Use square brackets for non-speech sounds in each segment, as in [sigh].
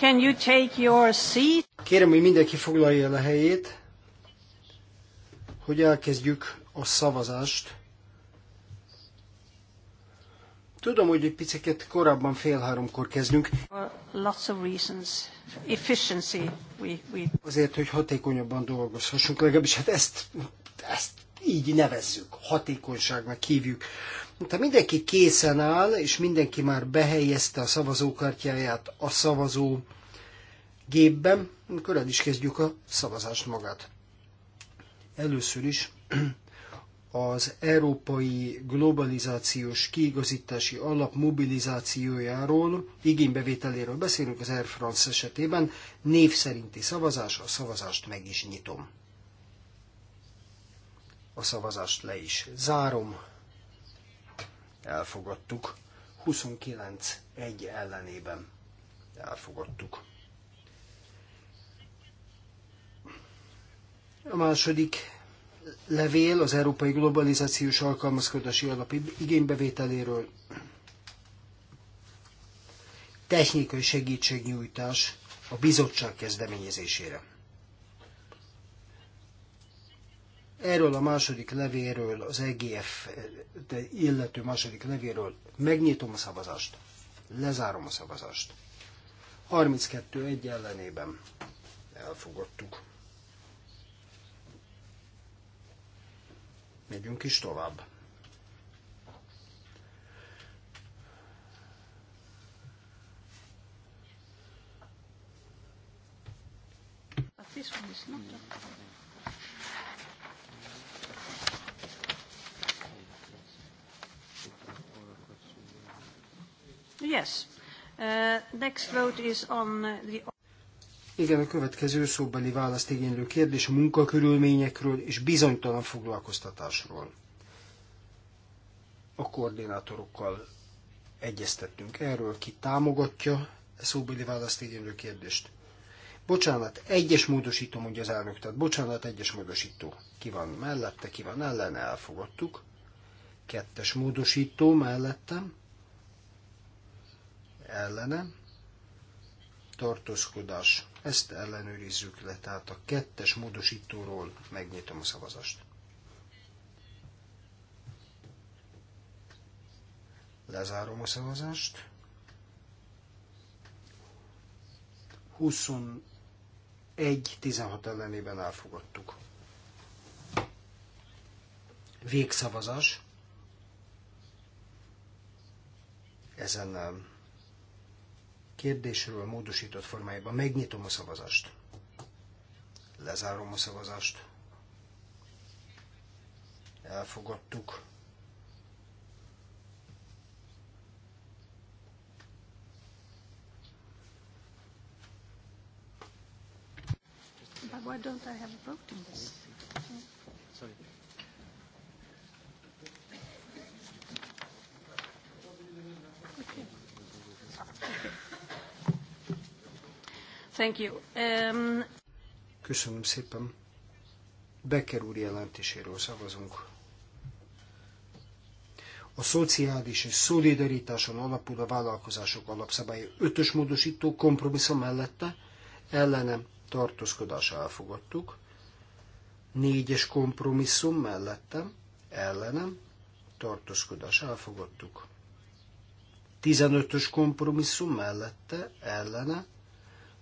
Can you take your seat? Kérem, hogy mindenki foglalja el a helyét, hogy elkezdjük a szavazást. Tudom, hogy egy picit korábban fél háromkor kezdünk. Lots of reasons. Efficiency. We, we... Azért, hogy hatékonyabban dolgozhassunk, legalábbis hát ezt, ezt így nevezzük, hatékonyságnak hívjuk. Ha mindenki készen áll, és mindenki már behelyezte a szavazókártyáját a szavazó gépben, akkor el is kezdjük a szavazást magát. Először is az Európai Globalizációs Kiigazítási Alap mobilizációjáról, igénybevételéről beszélünk az Air France esetében, név szerinti szavazás, a szavazást meg is nyitom. A szavazást le is zárom. Elfogadtuk. 29 egy ellenében elfogadtuk. A második levél az Európai Globalizációs Alkalmazkodási Alap igénybevételéről technikai segítségnyújtás a bizottság kezdeményezésére. Erről a második levéről, az EGF illető második levéről megnyitom a szavazást, lezárom a szavazást. 32-1 ellenében elfogadtuk. Megyünk is tovább. This one is Yes. Uh, next vote is on uh, the... Igen, a következő szóbeli választ igénylő kérdés a munkakörülményekről és bizonytalan foglalkoztatásról. A koordinátorokkal egyeztettünk erről, ki támogatja a e szóbeli választ igénylő kérdést. Bocsánat, egyes módosító, mondja az elnök, tehát bocsánat, egyes módosító. Ki van mellette, ki van ellene, elfogadtuk. Kettes módosító mellettem, ellene, tartózkodás, ezt ellenőrizzük le, tehát a kettes módosítóról megnyitom a szavazást. Lezárom a szavazást. 21-16 ellenében elfogadtuk. Végszavazás. Ezen nem kérdésről módosított formájában. Megnyitom a szavazást. Lezárom a szavazást. Elfogadtuk. But why don't I have a vote in this? Thank you. Um... Köszönöm szépen. Becker úr jelentéséről szavazunk. A szociális és szolidaritáson alapul a vállalkozások alapszabálya ötös módosító kompromisszum mellette ellenem tartózkodása elfogadtuk. Négyes kompromisszum mellettem ellenem tartózkodás elfogadtuk. Tizenötös kompromisszum mellette ellene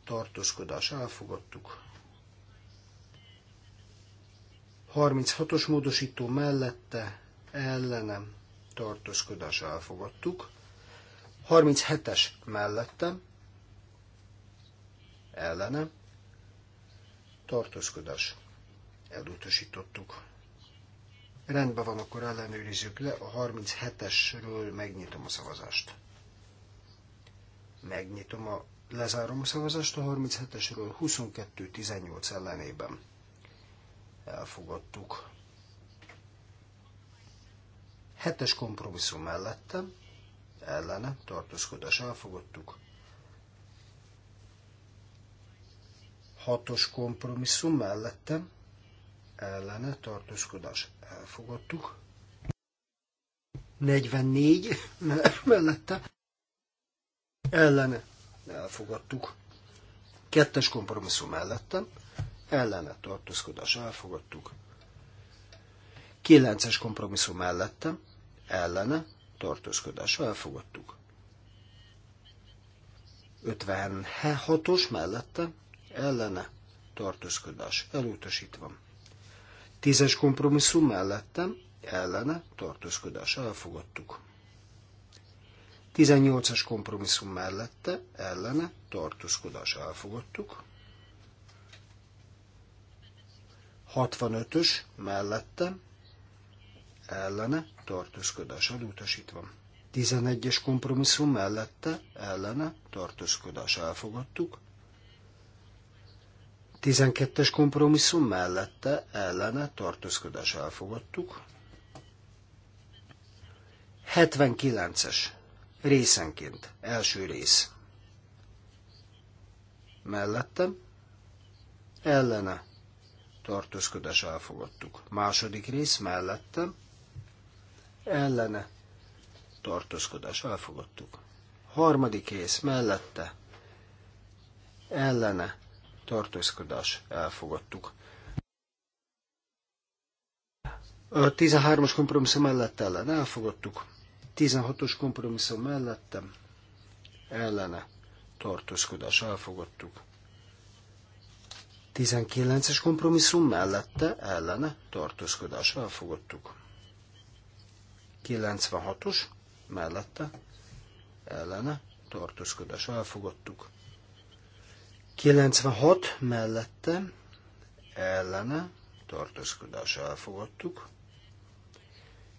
tartózkodás elfogadtuk. 36-os módosító mellette ellenem tartózkodás elfogadtuk. 37-es mellettem ellenem tartózkodás elutasítottuk. Rendben van, akkor ellenőrizzük le. A 37-esről megnyitom a szavazást. Megnyitom a Lezárom a szavazást a 37-esről 22-18 ellenében. Elfogadtuk. 7-es kompromisszum mellettem, ellene, tartózkodás elfogadtuk. 6-os kompromisszum mellettem, ellene, tartózkodás elfogadtuk. 44 mellette, ellene, elfogadtuk. Kettes kompromisszum mellettem, ellene tartózkodás elfogadtuk. Kilences kompromisszum mellettem, ellene tartózkodás elfogadtuk. 56-os mellette ellene tartózkodás elutasítva. Tízes kompromisszum mellettem ellene tartózkodás elfogadtuk. 18-as kompromisszum mellette, ellene, tartózkodás elfogadtuk. 65-ös mellette, ellene, tartózkodás elutasítva. 11-es kompromisszum mellette, ellene, tartózkodás elfogadtuk. 12-es kompromisszum mellette, ellene, tartózkodás elfogadtuk. 79-es részenként. Első rész. Mellettem. Ellene. Tartózkodás elfogadtuk. Második rész mellettem. Ellene. Tartózkodás elfogadtuk. Harmadik rész mellette. Ellene. Tartózkodás elfogadtuk. A 13-as kompromisszum mellett ellen elfogadtuk. 16-os kompromisszum mellettem ellene tartózkodás elfogadtuk. 19-es kompromisszum mellette ellene tartózkodás elfogadtuk. 96-os mellette ellene tartózkodás elfogadtuk. 96 mellette ellene tartózkodás elfogadtuk.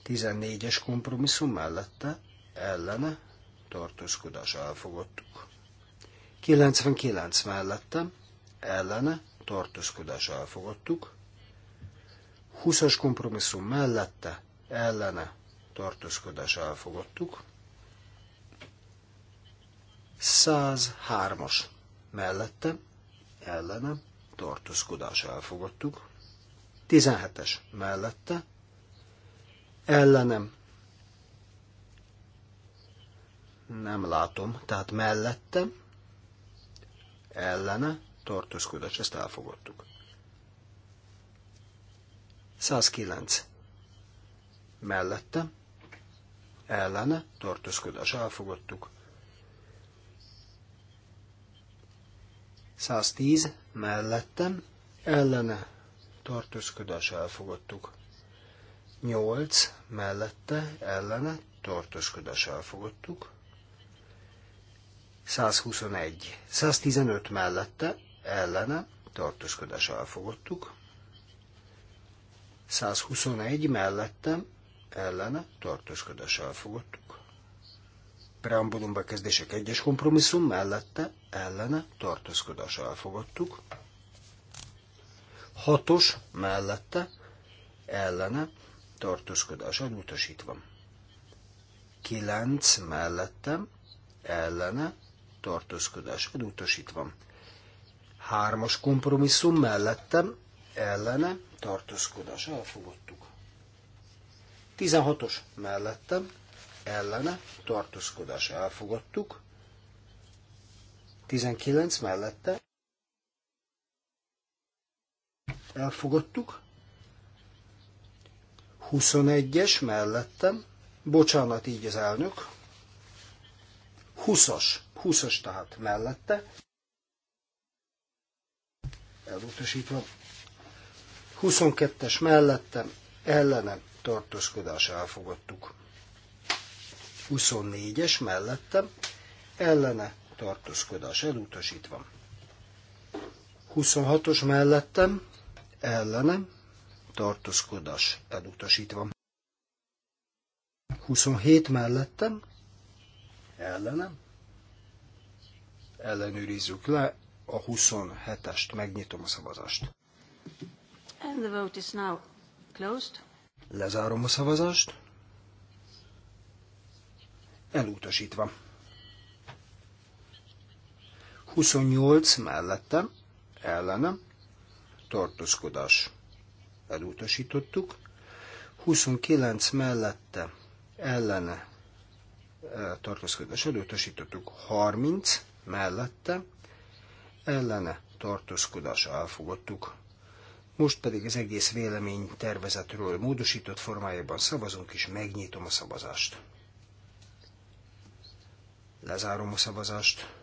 14-es kompromisszum mellette ellene tartózkodás elfogadtuk. 99 mellette ellene tartózkodás elfogadtuk. 20-as kompromisszum mellette ellene tartózkodás elfogadtuk. 103-as mellette ellene tartózkodás elfogadtuk. 17-es mellette ellenem. Nem látom, tehát mellettem, ellene, tartózkodás, ezt elfogadtuk. 109. Mellette, ellene, tartózkodás, elfogadtuk. 110. Mellettem, ellene, tartózkodás, elfogadtuk. 8 mellette ellene tartoskodás elfogadtuk. 121. 115 mellette ellene tartoskodás elfogadtuk. 121 mellette ellene tartoskodás elfogadtuk. Preambulum bekezdések egyes kompromisszum mellette ellene tartózkodás elfogadtuk. Hatos mellette ellene tartózkodás elutasítva. 9 mellettem, ellene, tartózkodás elutasítva. Hármas kompromisszum mellettem, ellene, tartózkodás elfogadtuk. 16-os mellettem, ellene, tartózkodás elfogadtuk. 19 mellette elfogadtuk. 21-es mellettem, bocsánat, így az elnök, 20-as, 20-as tehát mellette, elutasítva, 22-es mellettem, ellenem, tartózkodás elfogadtuk. 24-es mellettem, ellene, tartózkodás elutasítva. 26-os mellettem, ellenem, tartózkodás elutasítva. 27 mellettem, ellenem, ellenőrizzük le a 27-est, megnyitom a szavazást. And the vote is now closed. Lezárom a szavazást. Elutasítva. 28 mellettem, ellenem, tartózkodás elutasítottuk, 29 mellette ellene e, tartózkodás elutasítottuk, 30 mellette ellene tartózkodás elfogadtuk. Most pedig az egész vélemény tervezetről módosított formájában szavazunk, és megnyitom a szavazást. Lezárom a szavazást.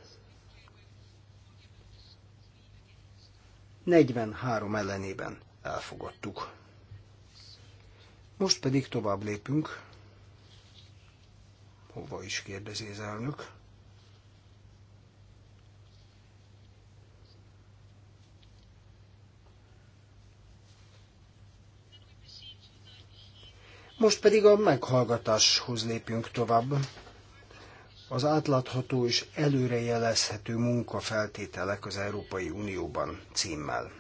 43 ellenében elfogadtuk. Most pedig tovább lépünk. Hova is kérdezi az elnök? Most pedig a meghallgatáshoz lépünk tovább. Az átlátható és előrejelezhető munkafeltételek az Európai Unióban címmel.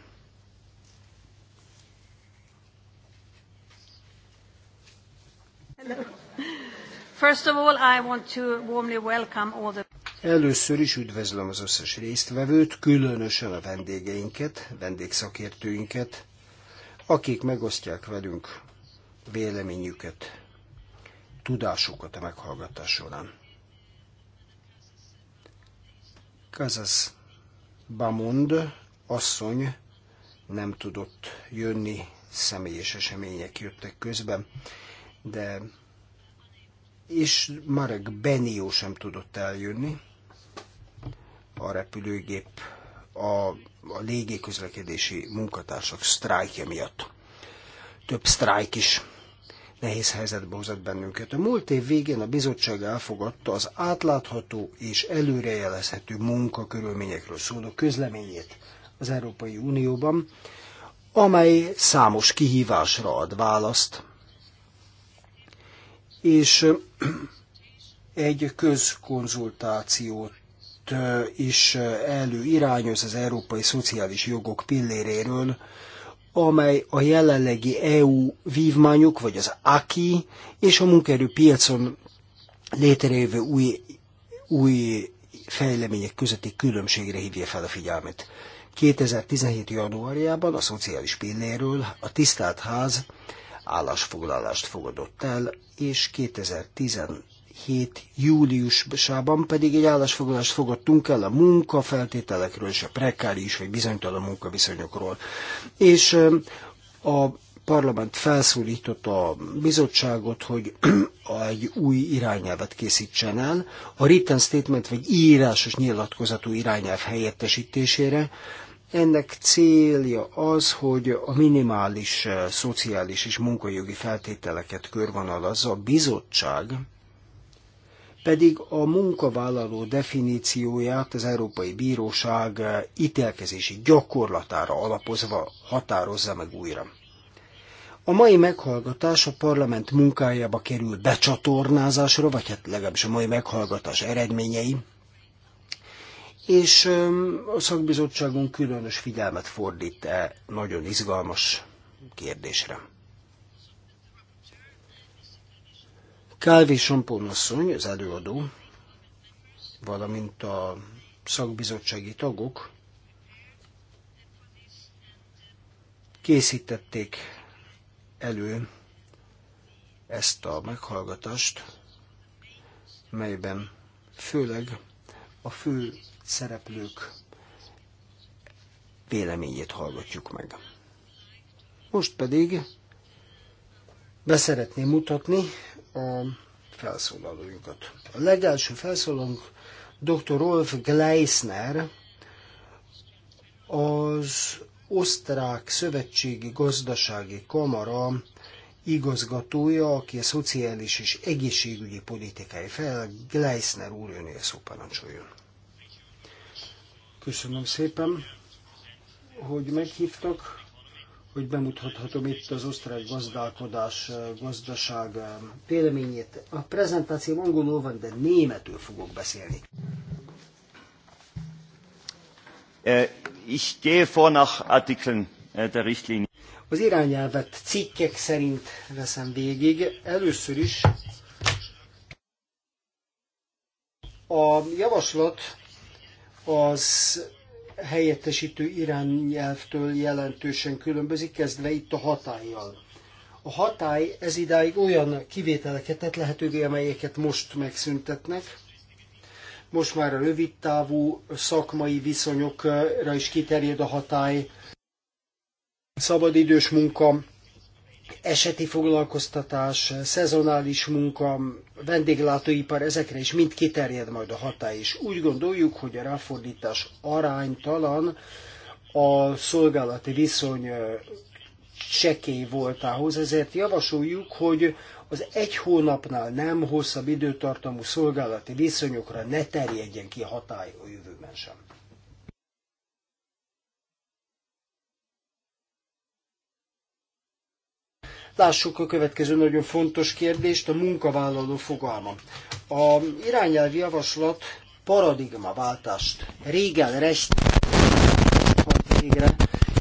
First of all, I want to warmly welcome all the... Először is üdvözlöm az összes résztvevőt, különösen a vendégeinket, vendégszakértőinket, akik megosztják velünk véleményüket, tudásukat a meghallgatás során. Kazasz Bamond asszony nem tudott jönni, személyes események jöttek közben, de és Marek Benio sem tudott eljönni. A repülőgép a, a légiközlekedési munkatársak sztrájkja miatt. Több sztrájk is nehéz helyzetbe hozott bennünket. A múlt év végén a bizottság elfogadta az átlátható és előrejelezhető munkakörülményekről szóló közleményét az Európai Unióban, amely számos kihívásra ad választ, és egy közkonzultációt is előirányoz az európai szociális jogok pilléréről, amely a jelenlegi EU vívmányok, vagy az AKI, és a munkaerőpiacon létrejövő új, új fejlemények közötti különbségre hívja fel a figyelmet. 2017. januárjában a szociális pilléről a tisztelt ház állásfoglalást fogadott el, és 2017 júliusában pedig egy állásfoglalást fogadtunk el a munkafeltételekről és a prekáris vagy bizonytalan munkaviszonyokról. És a parlament felszólított a bizottságot, hogy [clears throat] egy új irányelvet készítsen el, a written statement vagy írásos nyilatkozatú irányelv helyettesítésére, ennek célja az, hogy a minimális eh, szociális és munkajogi feltételeket körvonalazza, a bizottság pedig a munkavállaló definícióját az Európai Bíróság eh, ítélkezési gyakorlatára alapozva határozza meg újra. A mai meghallgatás a parlament munkájába kerül becsatornázásra, vagy hát legalábbis a mai meghallgatás eredményei, és a szakbizottságunk különös figyelmet fordít e nagyon izgalmas kérdésre. Kálvi Samponasszony, az előadó, valamint a szakbizottsági tagok készítették elő ezt a meghallgatást, melyben főleg a fő szereplők véleményét hallgatjuk meg. Most pedig beszeretném mutatni a felszólalóinkat. A legelső felszólalónk dr. Rolf Gleisner, az Osztrák Szövetségi Gazdasági Kamara igazgatója, aki a szociális és egészségügyi politikai fel, Gleisner úr önél szó parancsoljon. Köszönöm szépen, hogy meghívtak, hogy bemutathatom itt az osztrák gazdálkodás, eh, gazdaság eh, véleményét. A prezentáció angolul van, de németül fogok beszélni. Eh, ich gehe vor nach Artikeln der Richtlinie. Az irányelvet cikkek szerint veszem végig. Először is a javaslat az helyettesítő irányelvtől jelentősen különbözik, kezdve itt a hatállyal. A hatály ez idáig olyan kivételeket tett lehetővé, amelyeket most megszüntetnek. Most már a rövid távú szakmai viszonyokra is kiterjed a hatály. Szabadidős munka, eseti foglalkoztatás, szezonális munka, vendéglátóipar, ezekre is mind kiterjed majd a hatály is. Úgy gondoljuk, hogy a ráfordítás aránytalan a szolgálati viszony csekély voltához, ezért javasoljuk, hogy az egy hónapnál nem hosszabb időtartamú szolgálati viszonyokra ne terjedjen ki a hatály a jövőben sem. Lássuk a következő nagyon fontos kérdést, a munkavállaló fogalma. A irányelv javaslat paradigmaváltást régen végre,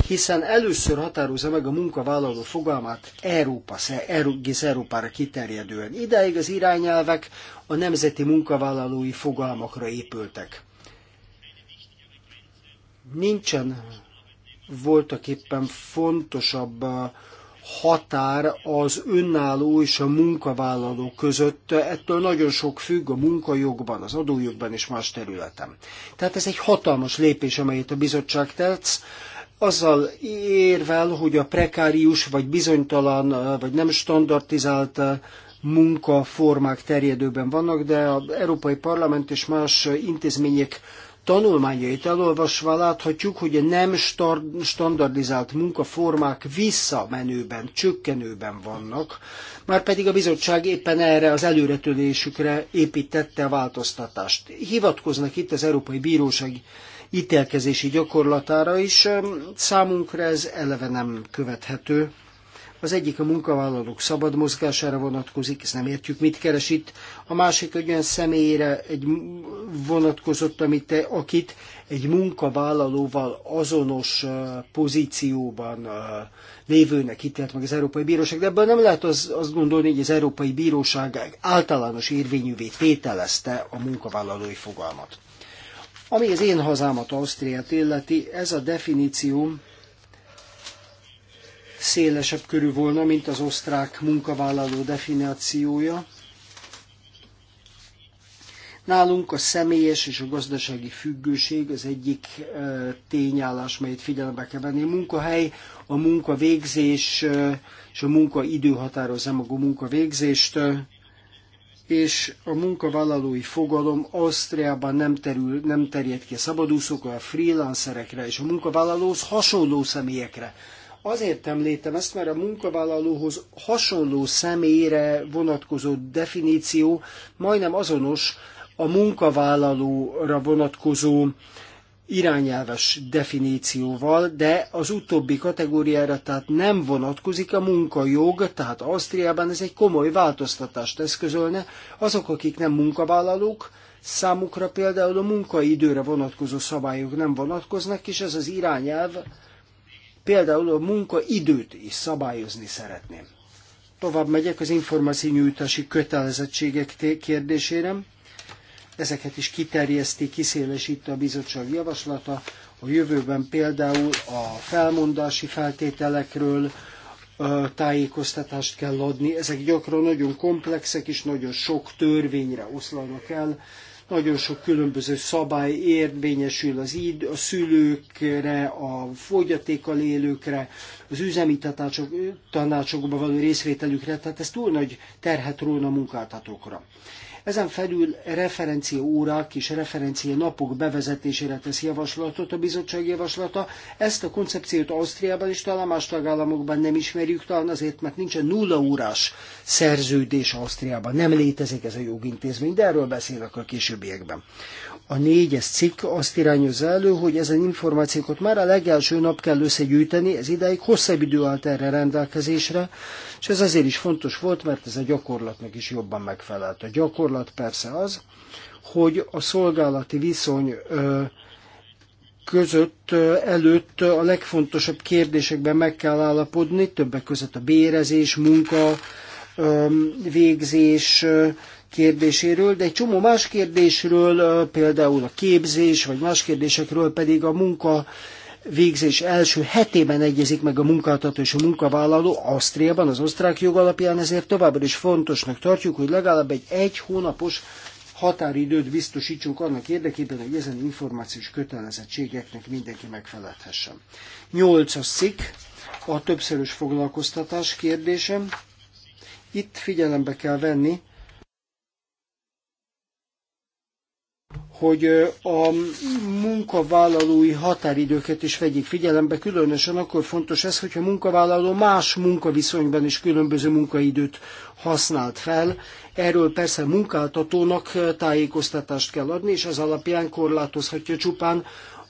hiszen először határozza meg a munkavállaló fogalmát Európa, egész Európára kiterjedően. ideig az irányelvek a nemzeti munkavállalói fogalmakra épültek. Nincsen voltak éppen fontosabb határ az önálló és a munkavállaló között, ettől nagyon sok függ a munkajogban, az adójogban és más területen. Tehát ez egy hatalmas lépés, amelyet a bizottság tetsz, azzal érvel, hogy a prekárius, vagy bizonytalan, vagy nem standardizált munkaformák terjedőben vannak, de az Európai Parlament és más intézmények tanulmányait elolvasva láthatjuk, hogy a nem standardizált munkaformák visszamenőben, csökkenőben vannak, már pedig a bizottság éppen erre az előretörésükre építette a változtatást. Hivatkoznak itt az Európai Bíróság ítélkezési gyakorlatára is, számunkra ez eleve nem követhető, az egyik a munkavállalók szabad mozgására vonatkozik, ezt nem értjük, mit keres itt. A másik egy olyan személyre egy vonatkozott, amit, te, akit egy munkavállalóval azonos pozícióban lévőnek ítélt meg az Európai Bíróság, de ebben nem lehet az, azt gondolni, hogy az Európai Bíróság általános érvényűvé tételezte a munkavállalói fogalmat. Ami az én hazámat, Ausztriát illeti, ez a definíció szélesebb körű volna, mint az osztrák munkavállaló definíciója. Nálunk a személyes és a gazdasági függőség az egyik e, tényállás, melyet figyelembe kell venni. A munkahely, a munkavégzés e, és a munkaidő határozza meg a munkavégzést, e, és a munkavállalói fogalom Ausztriában nem, terül, nem terjed ki a szabadúszókra, a freelancerekre és a munkavállalóhoz hasonló személyekre. Azért említem ezt, mert a munkavállalóhoz hasonló személyre vonatkozó definíció majdnem azonos a munkavállalóra vonatkozó irányelves definícióval, de az utóbbi kategóriára tehát nem vonatkozik a munkajog, tehát Ausztriában ez egy komoly változtatást eszközölne. Azok, akik nem munkavállalók, számukra például a munkaidőre vonatkozó szabályok nem vonatkoznak, és ez az irányelv Például a munkaidőt is szabályozni szeretném. Tovább megyek az információnyújtási kötelezettségek kérdésére. Ezeket is kiterjeszti, kiszélesíti a bizottság javaslata. A jövőben például a felmondási feltételekről, tájékoztatást kell adni. Ezek gyakran nagyon komplexek és nagyon sok törvényre oszlanak el, nagyon sok különböző szabály érvényesül az id, a szülőkre, a fogyatékkal élőkre, az üzemi tanácsok, tanácsokban való részvételükre, tehát ez túl nagy terhet róna munkáltatókra. Ezen felül referencia órák és referencia napok bevezetésére tesz javaslatot a bizottság javaslata. Ezt a koncepciót Ausztriában is talán más tagállamokban nem ismerjük, talán azért, mert nincsen nulla órás szerződés Ausztriában. Nem létezik ez a jogintézmény, de erről beszélek a későbbiekben. A négyes cikk azt irányozza elő, hogy ezen információkat már a legelső nap kell összegyűjteni, ez ideig hosszabb idő állt erre rendelkezésre, és ez azért is fontos volt, mert ez a gyakorlatnak is jobban megfelelt. A gyakorlat gyakorlat persze az, hogy a szolgálati viszony között előtt a legfontosabb kérdésekben meg kell állapodni, többek között a bérezés, munka, végzés kérdéséről, de egy csomó más kérdésről, például a képzés, vagy más kérdésekről pedig a munka végzés első hetében egyezik meg a munkáltató és a munkavállaló Ausztriában, az osztrák jog alapján, ezért továbbra is fontosnak tartjuk, hogy legalább egy egy hónapos határidőt biztosítsunk annak érdekében, hogy ezen információs kötelezettségeknek mindenki megfelelhessen. Nyolcas szik, a többszörös foglalkoztatás kérdésem. Itt figyelembe kell venni, hogy a munkavállalói határidőket is vegyék figyelembe, különösen akkor fontos ez, hogyha a munkavállaló más munkaviszonyban is különböző munkaidőt használt fel. Erről persze a munkáltatónak tájékoztatást kell adni, és ez alapján korlátozhatja csupán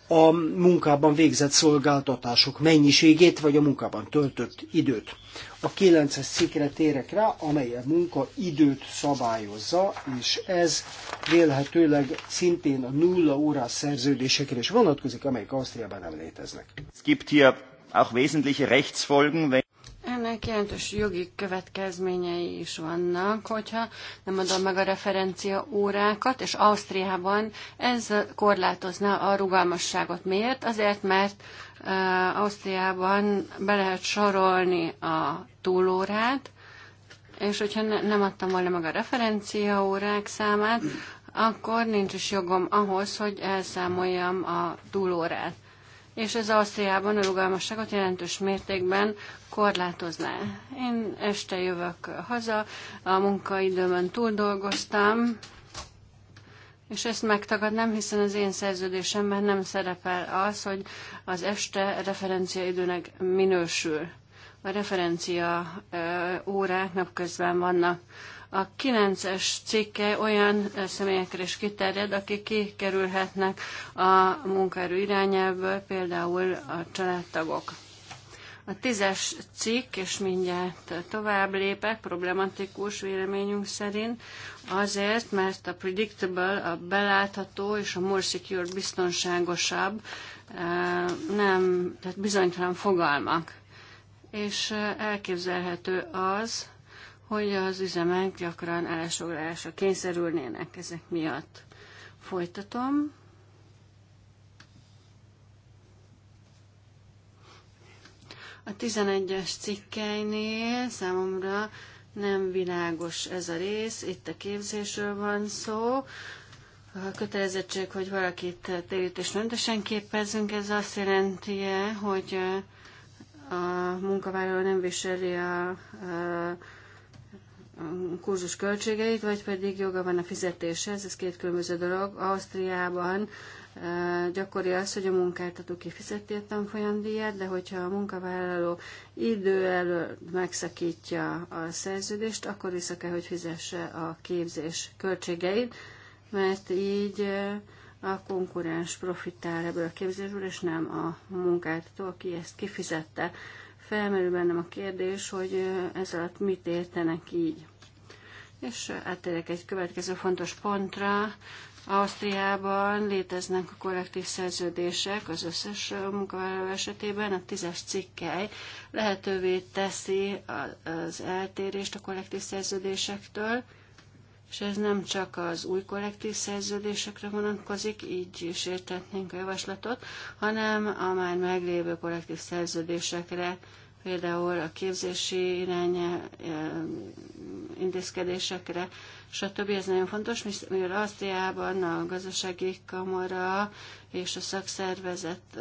a munkában végzett szolgáltatások mennyiségét, vagy a munkában töltött időt. A 9-es cikkre térek rá, amely a munka időt szabályozza, és ez vélhetőleg szintén a nulla órás szerződésekre is vonatkozik, amelyek Ausztriában nem léteznek. Es gibt hier auch wesentliche Rechtsfolgen, wenn ennek jelentős jogi következményei is vannak, hogyha nem adom meg a referencia órákat, és Ausztriában ez korlátozna a rugalmasságot. Miért? Azért, mert Ausztriában be lehet sorolni a túlórát, és hogyha ne, nem adtam volna meg a referencia órák számát, akkor nincs is jogom ahhoz, hogy elszámoljam a túlórát és ez Ausztriában a rugalmasságot jelentős mértékben korlátozná. Én este jövök haza, a munkaidőmön túl dolgoztam, és ezt megtagadnám, hiszen az én szerződésemben nem szerepel az, hogy az este referenciaidőnek minősül. A referencia órák napközben vannak. A 9-es cikke olyan eh, személyekre is kiterjed, akik kikerülhetnek a munkaerő irányelvből, például a családtagok. A tízes cikk, és mindjárt tovább lépek, problematikus véleményünk szerint, azért, mert a predictable, a belátható és a more secure biztonságosabb, eh, nem, tehát bizonytalan fogalmak. És eh, elképzelhető az, hogy az üzemek gyakran elsoglalásra kényszerülnének ezek miatt. Folytatom. A 11-es cikkeinél számomra nem világos ez a rész, itt a képzésről van szó. A kötelezettség, hogy valakit térítésmentesen képezzünk, ez azt jelenti, -e, hogy a munkavállaló nem viseli a, a kurzus költségeit, vagy pedig joga van a fizetéshez, ez két különböző dolog. Ausztriában gyakori az, hogy a munkáltató kifizeti a tanfolyamdíjat, de hogyha a munkavállaló idő előtt megszakítja a szerződést, akkor vissza kell, hogy fizesse a képzés költségeit, mert így a konkurens profitál ebből a képzésből, és nem a munkáltató, aki ezt kifizette felmerül bennem a kérdés, hogy ez alatt mit értenek így. És áttérek egy következő fontos pontra. Ausztriában léteznek a kollektív szerződések az összes munkavállaló esetében. A tízes cikkely lehetővé teszi az eltérést a kollektív szerződésektől és ez nem csak az új kollektív szerződésekre vonatkozik, így is értetnénk a javaslatot, hanem a már meglévő kollektív szerződésekre, például a képzési irány intézkedésekre, stb. Ez nagyon fontos, mivel Asztriában a gazdasági kamara és a szakszervezet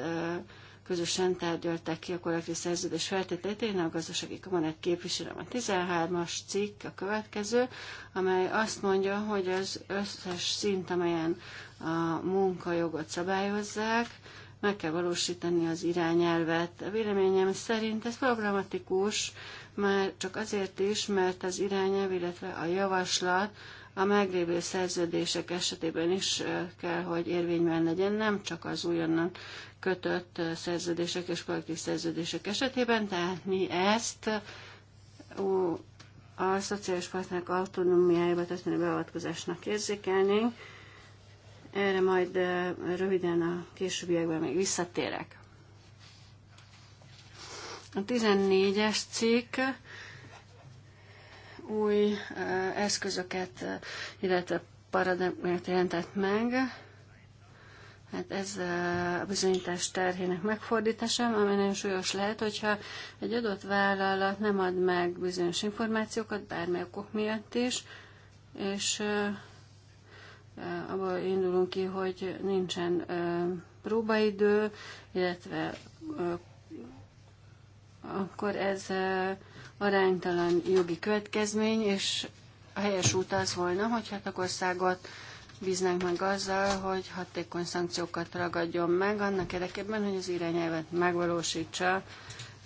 közösen tárgyalták ki a kollektív szerződés feltételét. Én a gazdasági kamarát képviselem. A 13-as cikk a következő, amely azt mondja, hogy az összes szint, amelyen a munkajogot szabályozzák, meg kell valósítani az irányelvet. A véleményem szerint ez programatikus, már csak azért is, mert az irányelv, illetve a javaslat a meglévő szerződések esetében is kell, hogy érvényben legyen, nem csak az újonnan kötött szerződések és kollektív szerződések esetében, tehát mi ezt a szociális partnerek autonómiájába történő beavatkozásnak érzékelnénk. Erre majd röviden a későbbiekben még visszatérek. A 14-es cikk új eh, eszközöket, eh, illetve paradigmát jelentett meg. Hát ez eh, a bizonyítás terhének megfordítása, ami nagyon súlyos lehet, hogyha egy adott vállalat nem ad meg bizonyos információkat, bármely okok miatt is, és abból indulunk ki, hogy nincsen próbaidő, illetve akkor ez aránytalan jogi következmény, és a helyes út az volna, hogy országot bíznánk meg azzal, hogy hatékony szankciókat ragadjon meg, annak érdekében, hogy az irányelvet megvalósítsa,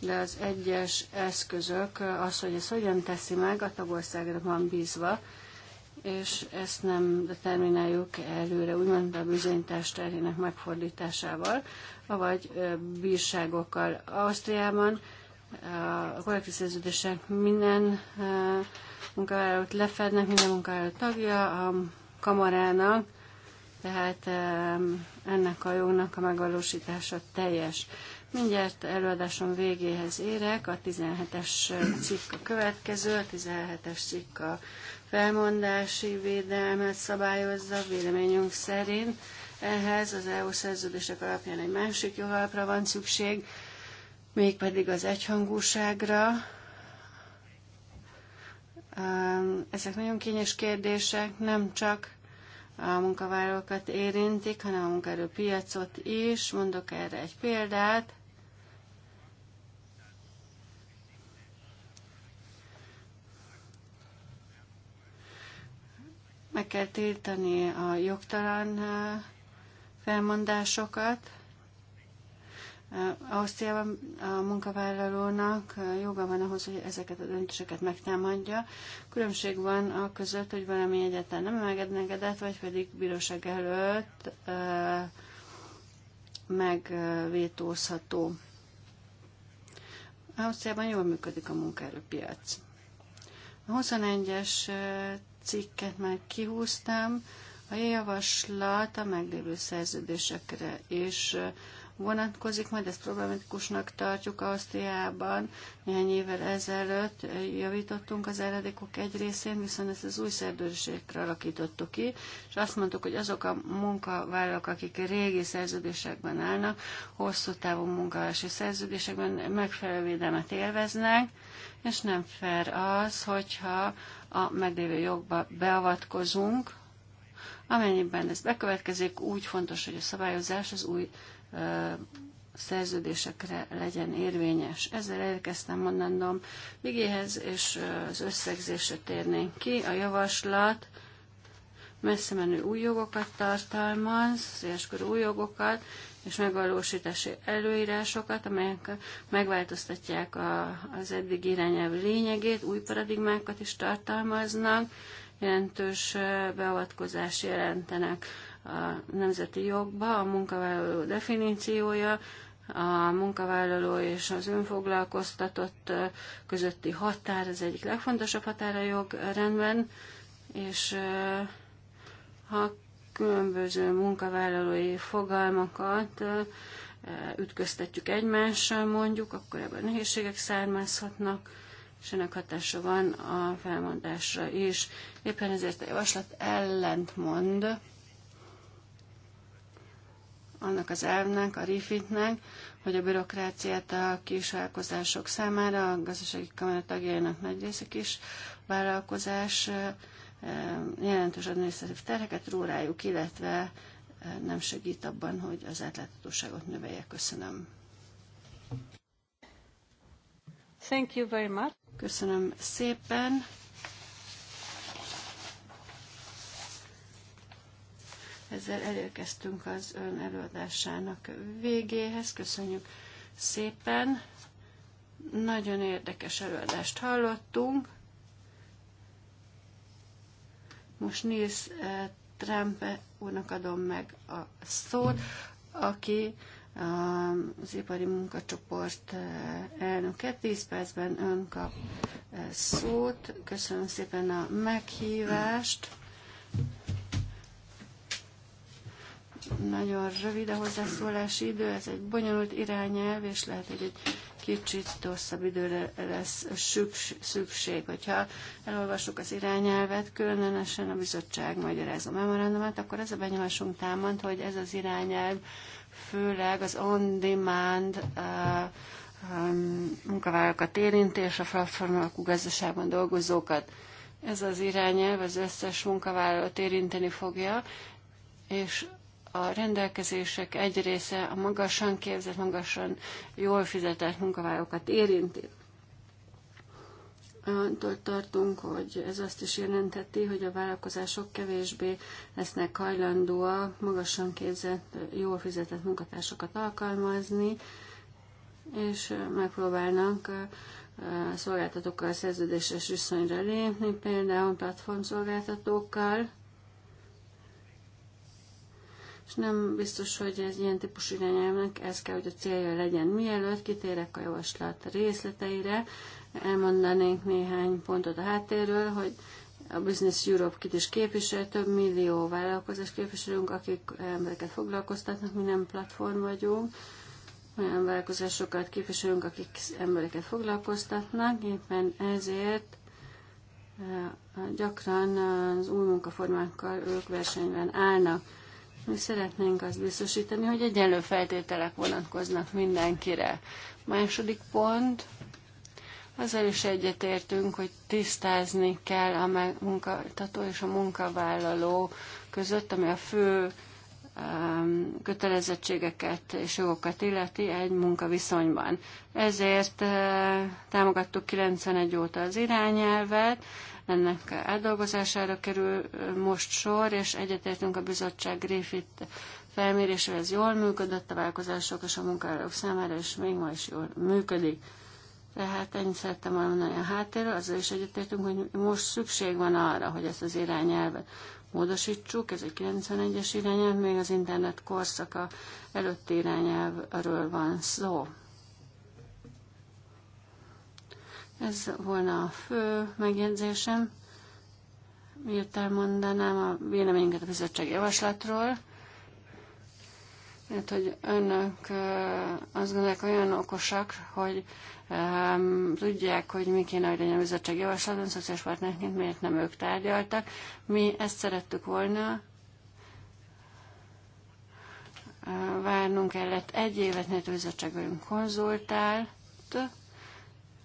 de az egyes eszközök, az, hogy ez hogyan teszi meg, a tagországra van bízva, és ezt nem determináljuk előre, úgymond a bizonyítás terének megfordításával, vagy bírságokkal. Ausztriában a kollektív szerződések minden munkavállalót lefednek, minden munkavállaló tagja a kamarának, tehát ennek a jognak a megvalósítása teljes. Mindjárt előadásom végéhez érek, a 17-es cikk a következő, a 17-es cikk a felmondási védelmet szabályozza, véleményünk szerint. Ehhez az EU szerződések alapján egy másik jogalapra van szükség, mégpedig az egyhangúságra. Ezek nagyon kényes kérdések, nem csak a munkavállalókat érintik, hanem a munkaerőpiacot is. Mondok erre egy példát. Meg kell tiltani a jogtalan felmondásokat. Ausztriában a munkavállalónak joga van ahhoz, hogy ezeket a döntéseket megtámadja. Különbség van a között, hogy valami egyáltalán nem megengedett, vagy pedig bíróság előtt megvétózható. Ausztriában jól működik a munkaerőpiac. A 21-es cikket már kihúztam, a javaslat a meglévő szerződésekre és vonatkozik, majd ezt problematikusnak tartjuk Ausztriában. Néhány évvel ezelőtt javítottunk az eredékok egy részén, viszont ezt az új szerződésekre alakítottuk ki, és azt mondtuk, hogy azok a munkavállalók, akik régi szerződésekben állnak, hosszú távú munkavállalási szerződésekben megfelelő védelmet élveznek, és nem fair az, hogyha a meglévő jogba beavatkozunk, Amennyiben ez bekövetkezik, úgy fontos, hogy a szabályozás az új szerződésekre legyen érvényes. Ezzel érkeztem mondandom igéhez, és az összegzésre térnénk ki. A javaslat messze menő új jogokat tartalmaz, széleskörű új jogokat, és megvalósítási előírásokat, amelyek megváltoztatják a, az eddig irányelv lényegét, új paradigmákat is tartalmaznak, jelentős beavatkozást jelentenek a nemzeti jogba, a munkavállaló definíciója, a munkavállaló és az önfoglalkoztatott közötti határ az egyik legfontosabb határ a jogrendben, és ha különböző munkavállalói fogalmakat ütköztetjük egymással mondjuk, akkor ebben nehézségek származhatnak, és ennek hatása van a felmondásra is. Éppen ezért a javaslat ellentmond annak az elvnek, a refitnek, hogy a bürokráciát a kisvállalkozások számára, a gazdasági kamera tagjainak nagy része kis vállalkozás jelentős adminisztratív terheket rórájuk, illetve nem segít abban, hogy az átláthatóságot növelje. Köszönöm. Thank you very much. Köszönöm szépen. Ezzel elérkeztünk az ön előadásának végéhez. Köszönjük szépen. Nagyon érdekes előadást hallottunk. Most Nils eh, Trump úrnak adom meg a szót, aki eh, az ipari munkacsoport eh, elnöke. 10 percben ön kap szót. Köszönöm szépen a meghívást. nagyon rövid a hozzászólási idő, ez egy bonyolult irányelv, és lehet, hogy egy kicsit hosszabb időre lesz szükség. Hogyha elolvassuk az irányelvet, különösen a bizottság magyarázó memorandumát, akkor ez a benyomásunk támad, hogy ez az irányelv főleg az on-demand munkavállalókat érinti, és a platformalakú gazdaságban dolgozókat. Ez az irányelv az összes munkavállalót érinteni fogja, és a rendelkezések egy része a magasan képzett, magasan jól fizetett munkavállalókat érinti. Attól tartunk, hogy ez azt is jelentheti, hogy a vállalkozások kevésbé lesznek hajlandóak magasan képzett, jól fizetett munkatársakat alkalmazni, és megpróbálnak szolgáltatókkal szerződéses viszonyra lépni, például platformszolgáltatókkal, és nem biztos, hogy ez ilyen típusú irányelvnek ez kell, hogy a célja legyen. Mielőtt kitérek a javaslat részleteire, elmondanénk néhány pontot a háttérről, hogy a Business Europe-kit is képvisel, több millió vállalkozás képviselünk, akik embereket foglalkoztatnak, mi nem platform vagyunk, olyan vállalkozásokat képviselünk, akik embereket foglalkoztatnak, éppen ezért eh, gyakran az új munkaformákkal ők versenyben állnak. Mi szeretnénk azt biztosítani, hogy egyenlő feltételek vonatkoznak mindenkire. Második pont, azzal is egyetértünk, hogy tisztázni kell a munkatató és a munkavállaló között, ami a fő um, kötelezettségeket és jogokat illeti egy munkaviszonyban. Ezért uh, támogattuk 91 óta az irányelvet, ennek eldolgozására kerül most sor, és egyetértünk a bizottság Griffith felmérésével, ez jól működött a vállalkozások és a munkálók számára, és még ma is jól működik. Tehát ennyit szerettem volna mondani a háttérről, azzal is egyetértünk, hogy most szükség van arra, hogy ezt az irányelvet módosítsuk, ez egy 91-es irányelv, még az internet korszaka előtti irányelvről van szó. Ez volna a fő megjegyzésem. Miért elmondanám a véleményünket a bizottság javaslatról? Mert hogy önök azt gondolják, olyan okosak, hogy um, tudják, hogy mi kéne, hogy legyen a bizottság javaslaton, szociális partnerként miért nem ők tárgyaltak. Mi ezt szerettük volna, várnunk kellett egy évet, mert a bizottság velünk konzultált,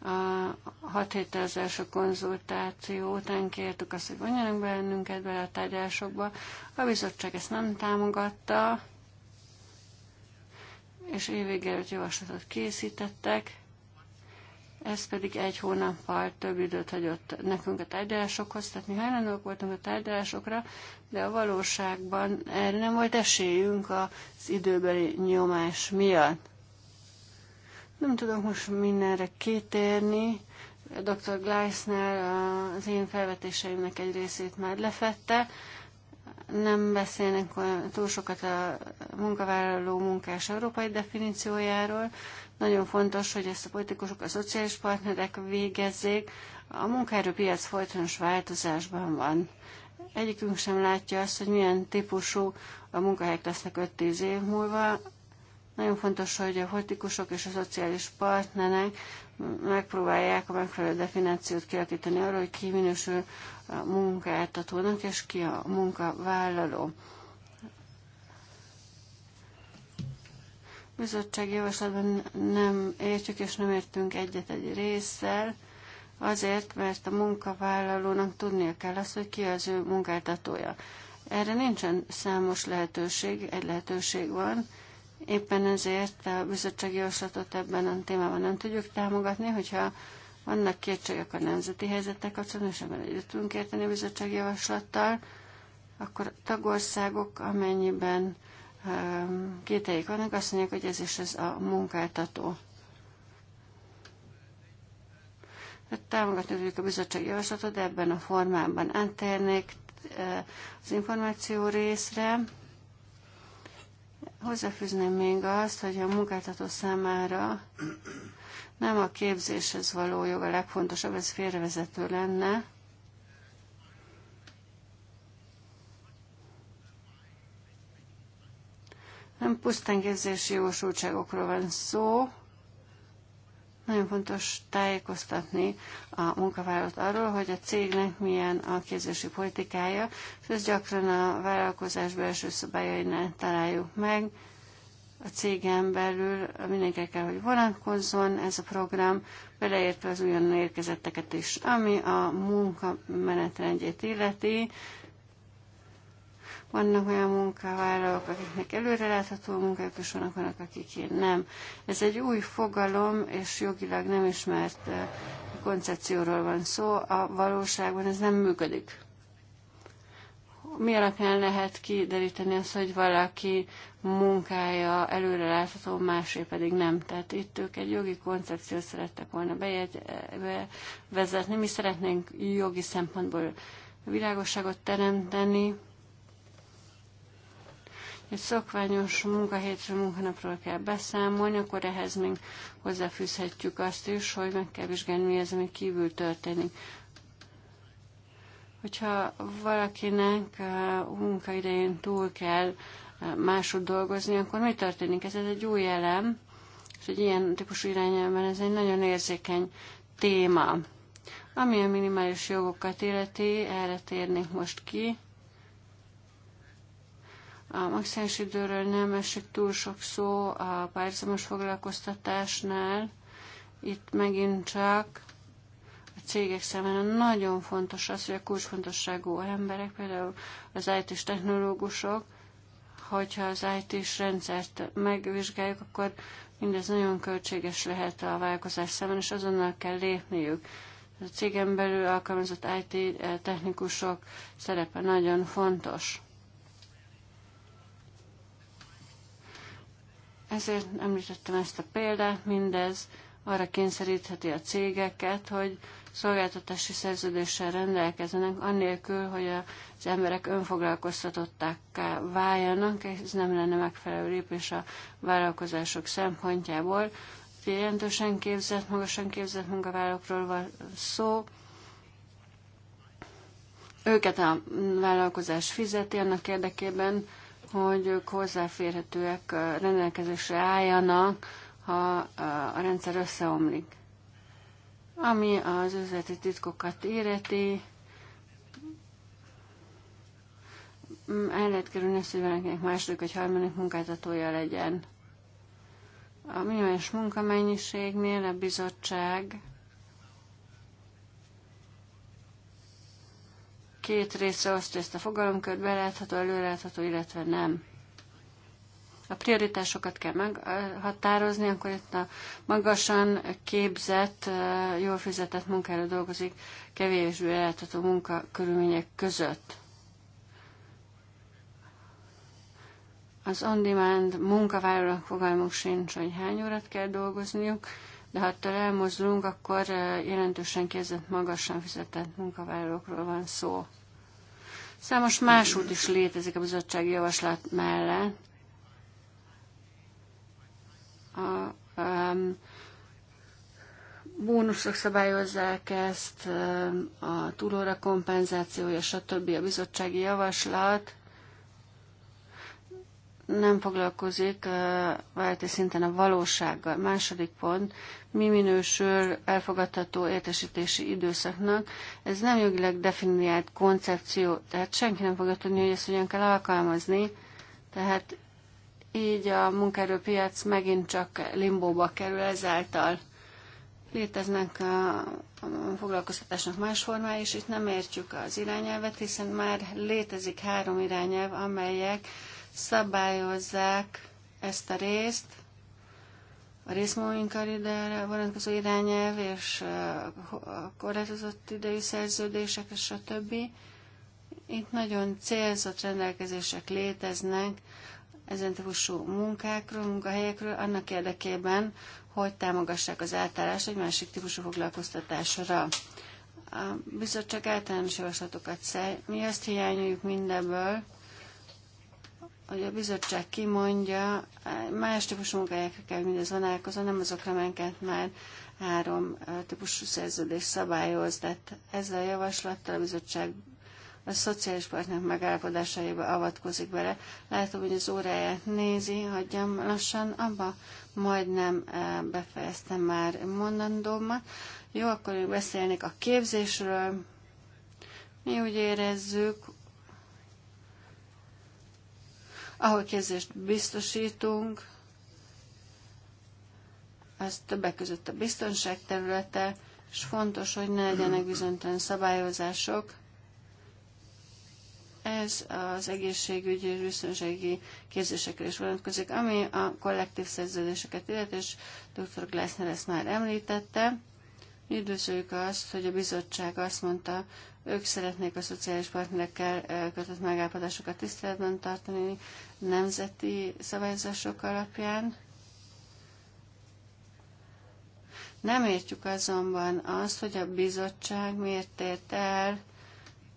a hat hét az első konzultáció után kértük azt, hogy vonjanak bennünket bele a tárgyalásokba. A bizottság ezt nem támogatta, és évvége javaslatot készítettek. Ez pedig egy hónappal több időt hagyott nekünk a tárgyalásokhoz, tehát mi hajlandók voltunk a tárgyalásokra, de a valóságban erre nem volt esélyünk az időbeli nyomás miatt. Nem tudok most mindenre kitérni. Dr. Gleisner az én felvetéseimnek egy részét már lefette. Nem beszélnek túl sokat a munkavállaló munkás európai definíciójáról. Nagyon fontos, hogy ezt a politikusok, a szociális partnerek végezzék. A munkaerőpiac folytonos változásban van. Egyikünk sem látja azt, hogy milyen típusú a munkahelyek lesznek 5-10 év múlva. Nagyon fontos, hogy a politikusok és a szociális partnerek megpróbálják a megfelelő definíciót kialakítani arra, hogy ki minősül a munkáltatónak, és ki a munkavállaló. bizottsági javaslatban nem értjük és nem értünk egyet egy résszel, azért, mert a munkavállalónak tudnia kell azt, hogy ki az ő munkáltatója. Erre nincsen számos lehetőség, egy lehetőség van, Éppen ezért a bizottsági javaslatot ebben a témában nem tudjuk támogatni, hogyha vannak kétségek a nemzeti helyzetek kapcsolatban, és ebben együtt tudunk érteni a bizottsági javaslattal, akkor a tagországok, amennyiben um, kételjék vannak, azt mondják, hogy ez is ez a munkáltató. Tehát támogatni tudjuk a bizottsági javaslatot, de ebben a formában áttérnék az információ részre. Hozzáfűzném még azt, hogy a munkáltató számára nem a képzéshez való jog a legfontosabb, ez félrevezető lenne. Nem pusztán képzési jogosultságokról van szó, nagyon fontos tájékoztatni a munkavállalót arról, hogy a cégnek milyen a képzési politikája, és ezt gyakran a vállalkozás belső szabályainál találjuk meg. A cégen belül mindenkinek kell, hogy vonatkozzon ez a program, beleértve az újonnan érkezetteket is, ami a munka illeti. Vannak olyan munkavállalók, akiknek előrelátható munkájuk, és vannak olyanok, akik nem. Ez egy új fogalom, és jogilag nem ismert eh, koncepcióról van szó, a valóságban ez nem működik. Mi alapján lehet kideríteni azt, hogy valaki munkája előrelátható, másé pedig nem. Tehát itt ők egy jogi koncepciót szerettek volna bevezetni. Mi szeretnénk jogi szempontból világosságot teremteni, egy szokványos munkahétről, munkanapról kell beszámolni, akkor ehhez még hozzáfűzhetjük azt is, hogy meg kell vizsgálni, mi az, ami kívül történik. Hogyha valakinek a munkaidején túl kell máshogy dolgozni, akkor mi történik? Ez, ez egy új elem, és egy ilyen típusú irányelven ez egy nagyon érzékeny téma. Ami a minimális jogokat illeti, erre térnék most ki. A maximális időről nem esik túl sok szó a párhuzamos foglalkoztatásnál. Itt megint csak a cégek számára nagyon fontos az, hogy a kulcsfontosságú emberek, például az IT-s technológusok, hogyha az IT-s rendszert megvizsgáljuk, akkor mindez nagyon költséges lehet a vállalkozás számára, és azonnal kell lépniük. A cégen belül alkalmazott IT technikusok szerepe nagyon fontos. Ezért említettem ezt a példát, mindez arra kényszerítheti a cégeket, hogy szolgáltatási szerződéssel rendelkezzenek, annélkül, hogy az emberek önfoglalkoztatottákká váljanak, ez nem lenne megfelelő lépés a vállalkozások szempontjából. Jelentősen képzett, magasan képzett munkavállalókról van szó, őket a vállalkozás fizeti annak érdekében, hogy ők hozzáférhetőek, rendelkezésre álljanak, ha a rendszer összeomlik. Ami az üzleti titkokat éreti, mm, el lehet kerülni azt, hogy valakinek második vagy harmadik munkáltatója legyen. A minimális munkamennyiségnél a bizottság két részre azt ezt a fogalomkört, belátható, előlátható, illetve nem. A prioritásokat kell meghatározni, akkor itt a magasan képzett, jól fizetett munkára dolgozik, kevésbé látható munkakörülmények között. Az on-demand munkavállalók fogalmuk sincs, hogy hány órát kell dolgozniuk, de ha attól elmozdulunk, akkor jelentősen kezdett magasan fizetett munkavállalókról van szó. Számos más út is létezik a bizottsági javaslat mellett. A, um, bónuszok szabályozzák ezt, a túlóra kompenzációja, stb. a bizottsági javaslat nem foglalkozik válti szinten a valósággal. Második pont, mi minősül elfogadható értesítési időszaknak. Ez nem jogileg definiált koncepció, tehát senki nem fogja tudni, hogy ezt hogyan kell alkalmazni. Tehát így a munkaerőpiac megint csak limbóba kerül ezáltal. Léteznek a foglalkoztatásnak más formái, és itt nem értjük az irányelvet, hiszen már létezik három irányelv, amelyek szabályozzák ezt a részt, a részmunkaidőre vonatkozó irányelv és a korlátozott idejű szerződések és a többi. Itt nagyon célzott rendelkezések léteznek ezen típusú munkákról, munkahelyekről, annak érdekében, hogy támogassák az átállást egy másik típusú foglalkoztatásra. A bizottság általános javaslatokat szer. Mi azt hiányoljuk mindebből, hogy a bizottság kimondja, más típusú munkájákra kell mindez vonálkozó, nem azokra menkent már három típusú szerződés szabályoz, tehát ezzel a javaslattal a bizottság a szociális partnerek megállapodásaiba avatkozik bele. Látom, hogy az óráját nézi, hagyjam lassan abba, majdnem befejeztem már mondandómat. Jó, akkor beszélnék a képzésről. Mi úgy érezzük, ahol képzést biztosítunk, az többek között a biztonság területe, és fontos, hogy ne legyenek bizonytalan szabályozások. Ez az egészségügyi és biztonsági képzésekre is vonatkozik, ami a kollektív szerződéseket illeti, és dr. Glassner ezt már említette. Üdvözöljük azt, hogy a bizottság azt mondta, ők szeretnék a szociális partnerekkel kötött megállapodásokat tiszteletben tartani nemzeti szabályozások alapján. Nem értjük azonban azt, hogy a bizottság miért tért el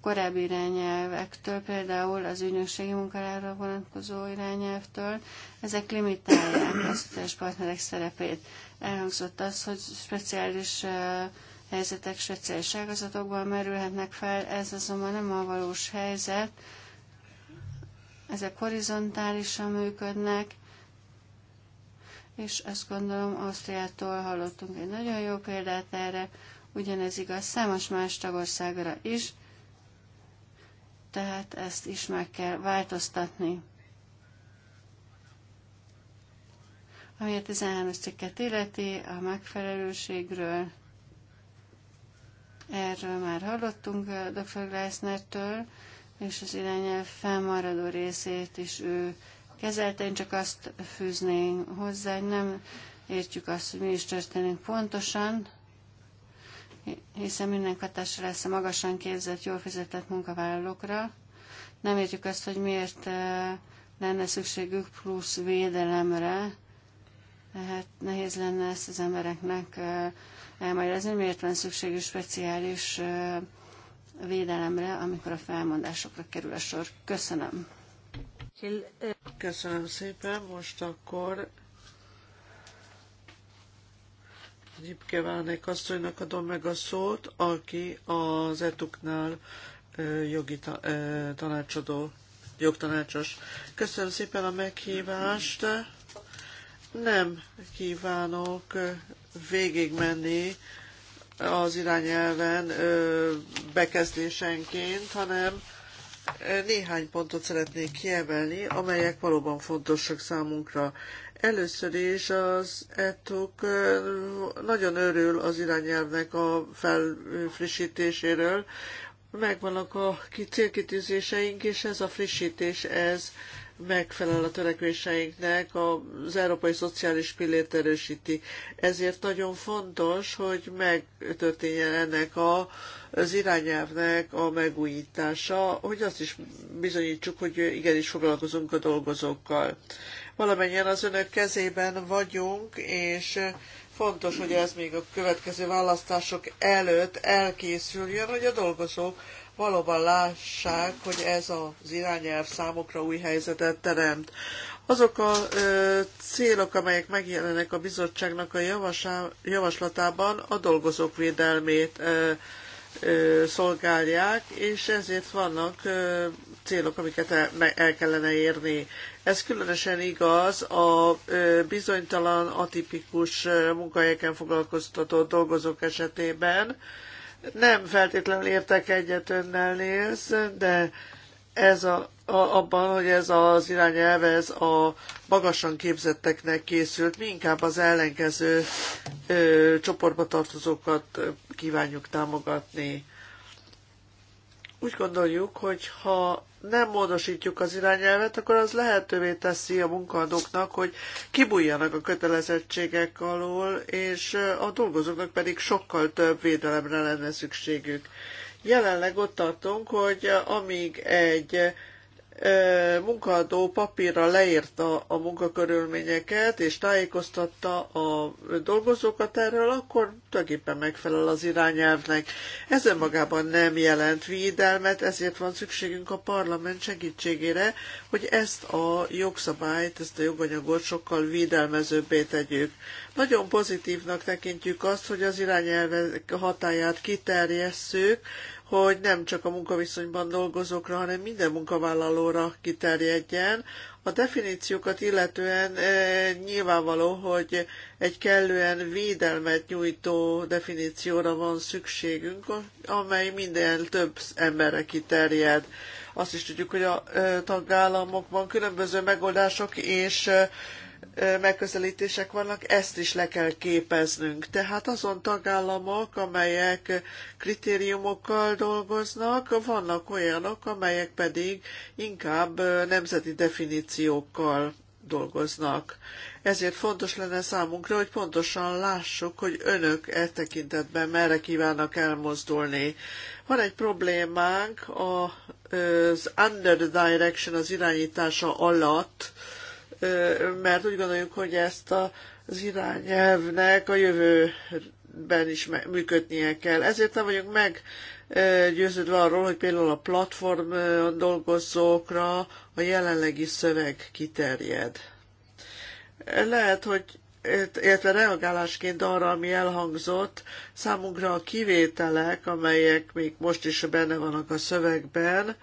korábbi irányelvektől, például az ügynökségi munkára vonatkozó irányelvtől, ezek limitálják a szociális partnerek szerepét. Elhangzott az, hogy speciális helyzetek speciális ágazatokban merülhetnek fel, ez azonban nem a valós helyzet. Ezek horizontálisan működnek, és azt gondolom, Ausztriától hallottunk egy nagyon jó példát erre, ugyanez igaz számos más tagországra is, tehát ezt is meg kell változtatni. Ami a 13. cikket illeti, a megfelelőségről Erről már hallottunk eh, dr. től, és az irányelv felmaradó részét is ő kezelte. Én csak azt fűzném hozzá, hogy nem értjük azt, hogy mi is történik pontosan, hiszen minden hatása lesz a magasan képzett, jól fizetett munkavállalókra. Nem értjük azt, hogy miért eh, lenne szükségük plusz védelemre, tehát nehéz lenne ezt az embereknek eh, elmagyarázni, miért van szükségű speciális védelemre, amikor a felmondásokra kerül a sor. Köszönöm. Köszönöm szépen, most akkor Válnék asszonynak adom meg a szót, aki az etuknál jogi tanácsadó, jogtanácsos. Köszönöm szépen a meghívást. Nem kívánok végigmenni az irányelven bekezdésenként, hanem néhány pontot szeretnék kiemelni, amelyek valóban fontosak számunkra. Először is az ETUK nagyon örül az irányelvnek a felfrissítéséről. Megvannak a célkitűzéseink, és ez a frissítés, ez megfelel a törekvéseinknek, az európai szociális pillét erősíti. Ezért nagyon fontos, hogy megtörténjen ennek a, az irányelvnek a megújítása, hogy azt is bizonyítsuk, hogy igenis foglalkozunk a dolgozókkal. Valamennyien az önök kezében vagyunk, és fontos, hogy ez még a következő választások előtt elkészüljön, hogy a dolgozók valóban lássák, hogy ez az irányelv számokra új helyzetet teremt. Azok a ö, célok, amelyek megjelennek a bizottságnak a javasá, javaslatában, a dolgozók védelmét ö, ö, szolgálják, és ezért vannak ö, célok, amiket el, el kellene érni. Ez különösen igaz a ö, bizonytalan, atipikus munkahelyeken foglalkoztató dolgozók esetében, ö, nem feltétlenül értek egyet önnel néz, de ez a, a, abban, hogy ez az irányelv, ez a magasan képzetteknek készült, mi inkább az ellenkező ö, csoportba tartozókat kívánjuk támogatni. Úgy gondoljuk, hogy ha nem módosítjuk az irányelvet, akkor az lehetővé teszi a munkadóknak, hogy kibújjanak a kötelezettségek alól, és a dolgozóknak pedig sokkal több védelemre lenne szükségük. Jelenleg ott tartunk, hogy amíg egy munkaadó papírra leírta a munkakörülményeket, és tájékoztatta a dolgozókat erről, akkor tulajdonképpen megfelel az irányelvnek. Ez önmagában nem jelent védelmet, ezért van szükségünk a parlament segítségére, hogy ezt a jogszabályt, ezt a joganyagot sokkal védelmezőbbé tegyük. Nagyon pozitívnak tekintjük azt, hogy az irányelvek hatáját kiterjesszük, hogy nem csak a munkaviszonyban dolgozókra, hanem minden munkavállalóra kiterjedjen. A definíciókat illetően e, nyilvánvaló, hogy egy kellően védelmet nyújtó definícióra van szükségünk, amely minden több emberre kiterjed. Azt is tudjuk, hogy a e, tagállamokban különböző megoldások és e, megközelítések vannak, ezt is le kell képeznünk. Tehát azon tagállamok, amelyek kritériumokkal dolgoznak, vannak olyanok, amelyek pedig inkább nemzeti definíciókkal dolgoznak. Ezért fontos lenne számunkra, hogy pontosan lássuk, hogy önök e tekintetben merre kívánnak elmozdulni. Van egy problémánk, az under the direction, az irányítása alatt, mert úgy gondoljuk, hogy ezt az irányelvnek a jövőben is működnie kell. Ezért nem vagyunk meggyőződve arról, hogy például a platform dolgozókra a jelenlegi szöveg kiterjed. Lehet, hogy illetve reagálásként arra, ami elhangzott, számunkra a kivételek, amelyek még most is benne vannak a szövegben,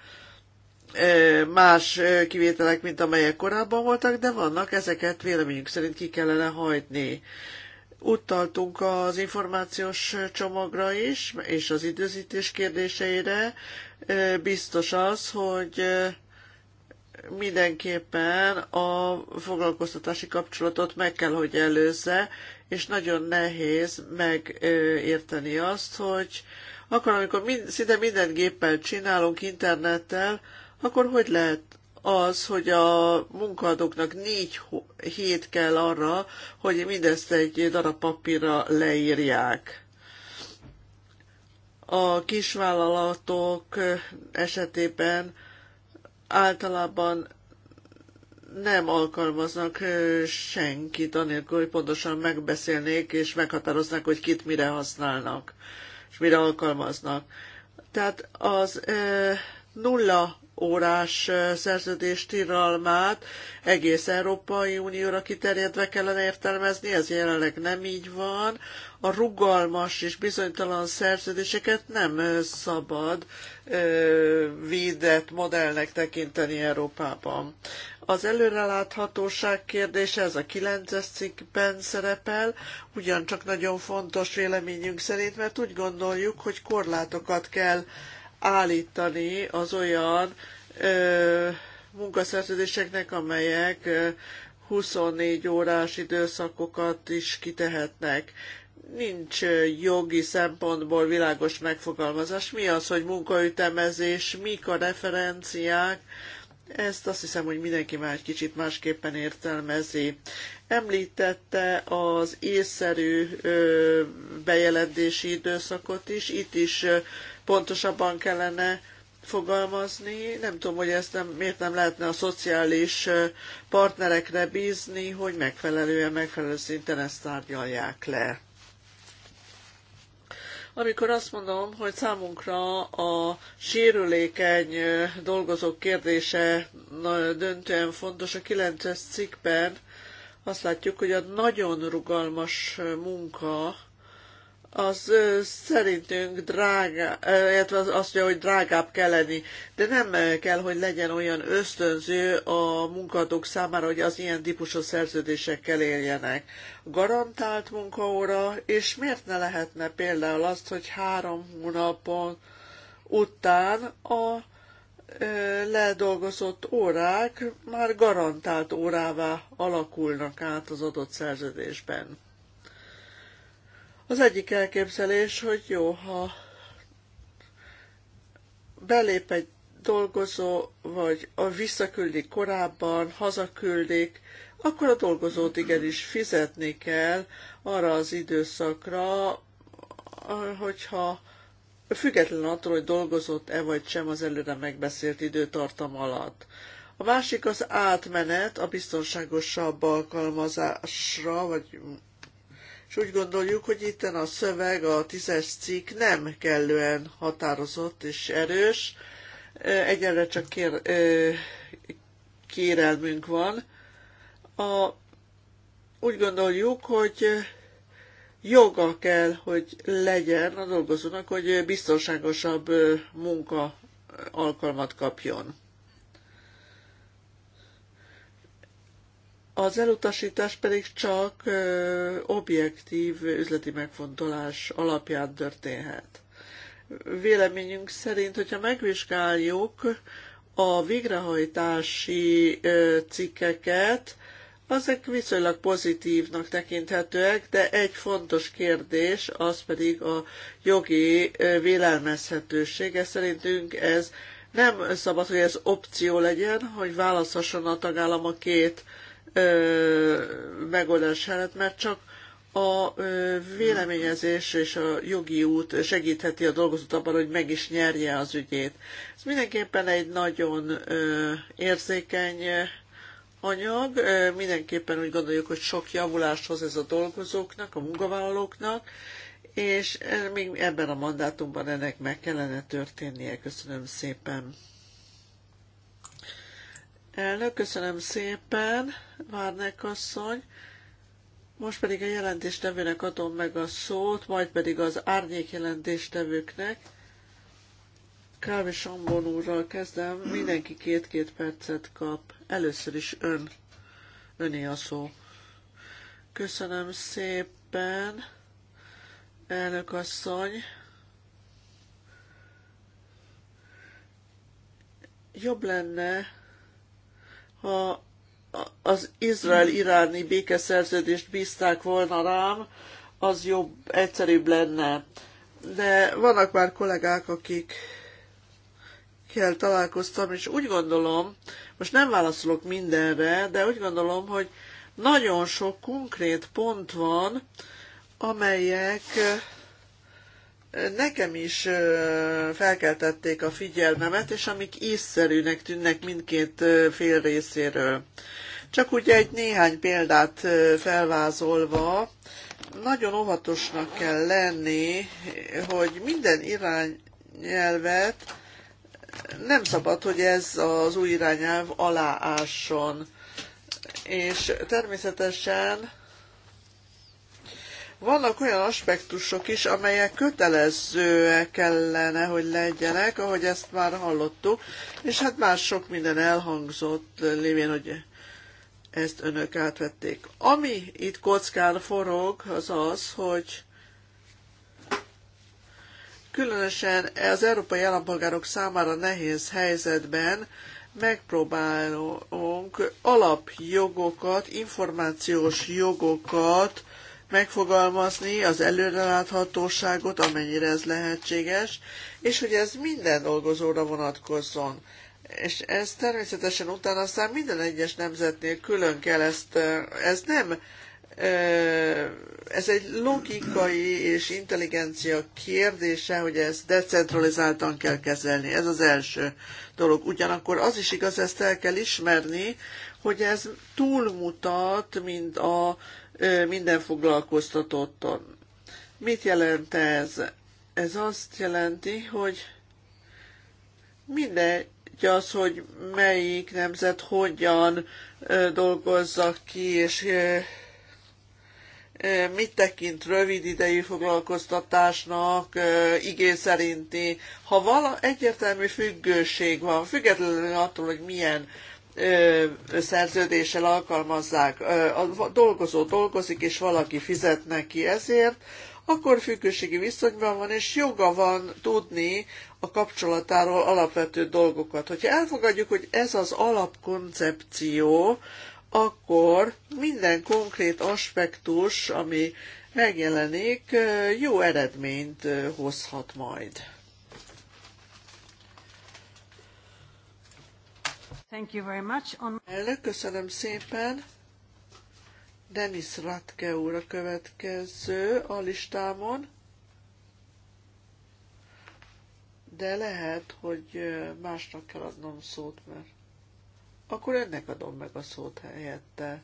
más kivételek, mint amelyek korábban voltak, de vannak, ezeket véleményünk szerint ki kellene hajtni. Utaltunk az információs csomagra is, és az időzítés kérdéseire. Biztos az, hogy mindenképpen a foglalkoztatási kapcsolatot meg kell, hogy előzze, és nagyon nehéz megérteni azt, hogy akkor, amikor mind, szinte minden géppel csinálunk internettel, akkor hogy lehet az, hogy a munkadóknak négy hét kell arra, hogy mindezt egy darab papírra leírják. A kisvállalatok esetében általában nem alkalmaznak senkit, anélkül, hogy pontosan megbeszélnék és meghatároznák, hogy kit mire használnak és mire alkalmaznak. Tehát az nulla órás szerződés tilalmát egész Európai Unióra kiterjedve kellene értelmezni, ez jelenleg nem így van. A rugalmas és bizonytalan szerződéseket nem szabad ö, védett modellnek tekinteni Európában. Az előreláthatóság kérdése, ez a 9-es cikkben szerepel, ugyancsak nagyon fontos véleményünk szerint, mert úgy gondoljuk, hogy korlátokat kell állítani az olyan ö, munkaszerződéseknek, amelyek ö, 24 órás időszakokat is kitehetnek. Nincs jogi szempontból világos megfogalmazás. Mi az, hogy munkaütemezés, mik a referenciák, ezt azt hiszem, hogy mindenki már egy kicsit másképpen értelmezi. Említette az észszerű bejelentési időszakot is, itt is pontosabban kellene fogalmazni. Nem tudom, hogy ezt nem, miért nem lehetne a szociális partnerekre bízni, hogy megfelelően, megfelelő szinten ezt tárgyalják le. Amikor azt mondom, hogy számunkra a sérülékeny dolgozók kérdése döntően fontos, a 9 cikkben azt látjuk, hogy a nagyon rugalmas munka, az szerintünk drága, illetve azt mondja, hogy drágább kell lenni, de nem kell, hogy legyen olyan ösztönző a munkadók számára, hogy az ilyen típusú szerződésekkel éljenek. Garantált munkaóra, és miért ne lehetne például azt, hogy három hónapon után a ledolgozott órák már garantált órává alakulnak át az adott szerződésben. Az egyik elképzelés, hogy jó, ha belép egy dolgozó, vagy a visszaküldik korábban, hazaküldik, akkor a dolgozót igenis fizetni kell arra az időszakra, hogyha független attól, hogy dolgozott-e vagy sem az előre megbeszélt időtartam alatt. A másik az átmenet a biztonságosabb alkalmazásra, vagy és úgy gondoljuk, hogy itt a szöveg, a tízes cikk nem kellően határozott és erős, egyelőre csak kér, kérelmünk van. A, úgy gondoljuk, hogy joga kell, hogy legyen a dolgozónak, hogy biztonságosabb munka alkalmat kapjon. Az elutasítás pedig csak ö, objektív üzleti megfontolás alapján történhet. Véleményünk szerint, hogyha megvizsgáljuk a végrehajtási ö, cikkeket, azok viszonylag pozitívnak tekinthetőek, de egy fontos kérdés, az pedig a jogi vélelmezhetőség. Ez szerintünk ez nem szabad, hogy ez opció legyen, hogy választhasson a tagállam a két megoldás mellett, mert csak a véleményezés és a jogi út segítheti a dolgozót abban, hogy meg is nyerje az ügyét. Ez mindenképpen egy nagyon érzékeny anyag, mindenképpen úgy gondoljuk, hogy sok javulást hoz ez a dolgozóknak, a munkavállalóknak, és még ebben a mandátumban ennek meg kellene történnie. Köszönöm szépen. Elnök, köszönöm szépen, Várnek asszony. Most pedig a jelentéstevőnek adom meg a szót, majd pedig az árnyék jelentéstevőknek. Kávé Sambon úrral kezdem, mindenki két-két percet kap. Először is ön, öné a szó. Köszönöm szépen, elnök asszony. Jobb lenne, ha az izrael-iráni békeszerződést bízták volna rám, az jobb, egyszerűbb lenne. De vannak már kollégák, akik kell találkoztam, és úgy gondolom, most nem válaszolok mindenre, de úgy gondolom, hogy nagyon sok konkrét pont van, amelyek nekem is felkeltették a figyelmemet, és amik észszerűnek tűnnek mindkét fél részéről. Csak ugye egy néhány példát felvázolva, nagyon óvatosnak kell lenni, hogy minden irányelvet nem szabad, hogy ez az új irányelv aláásson. És természetesen vannak olyan aspektusok is, amelyek kötelezőek kellene, hogy legyenek, ahogy ezt már hallottuk, és hát már sok minden elhangzott, lévén, hogy ezt önök átvették. Ami itt kockán forog, az az, hogy különösen az európai állampolgárok számára nehéz helyzetben megpróbálunk alapjogokat, információs jogokat megfogalmazni az előreláthatóságot, amennyire ez lehetséges, és hogy ez minden dolgozóra vonatkozzon. És ez természetesen utána aztán minden egyes nemzetnél külön kell ezt, ez nem, ez egy logikai és intelligencia kérdése, hogy ezt decentralizáltan kell kezelni. Ez az első dolog. Ugyanakkor az is igaz, ezt el kell ismerni, hogy ez túlmutat, mint a minden foglalkoztatotton. Mit jelent ez? Ez azt jelenti, hogy mindegy az, hogy melyik nemzet hogyan dolgozza ki, és mit tekint rövid idejű foglalkoztatásnak, igény szerinti. Ha vala egyértelmű függőség van, függetlenül attól, hogy milyen szerződéssel alkalmazzák, a dolgozó dolgozik, és valaki fizet neki ezért, akkor függőségi viszonyban van, és joga van tudni a kapcsolatáról alapvető dolgokat. Hogyha elfogadjuk, hogy ez az alapkoncepció, akkor minden konkrét aspektus, ami megjelenik, jó eredményt hozhat majd. Thank you very much. On... köszönöm szépen. Denis Ratke úr a következő a listámon. De lehet, hogy másnak kell adnom szót, mert akkor ennek adom meg a szót helyette.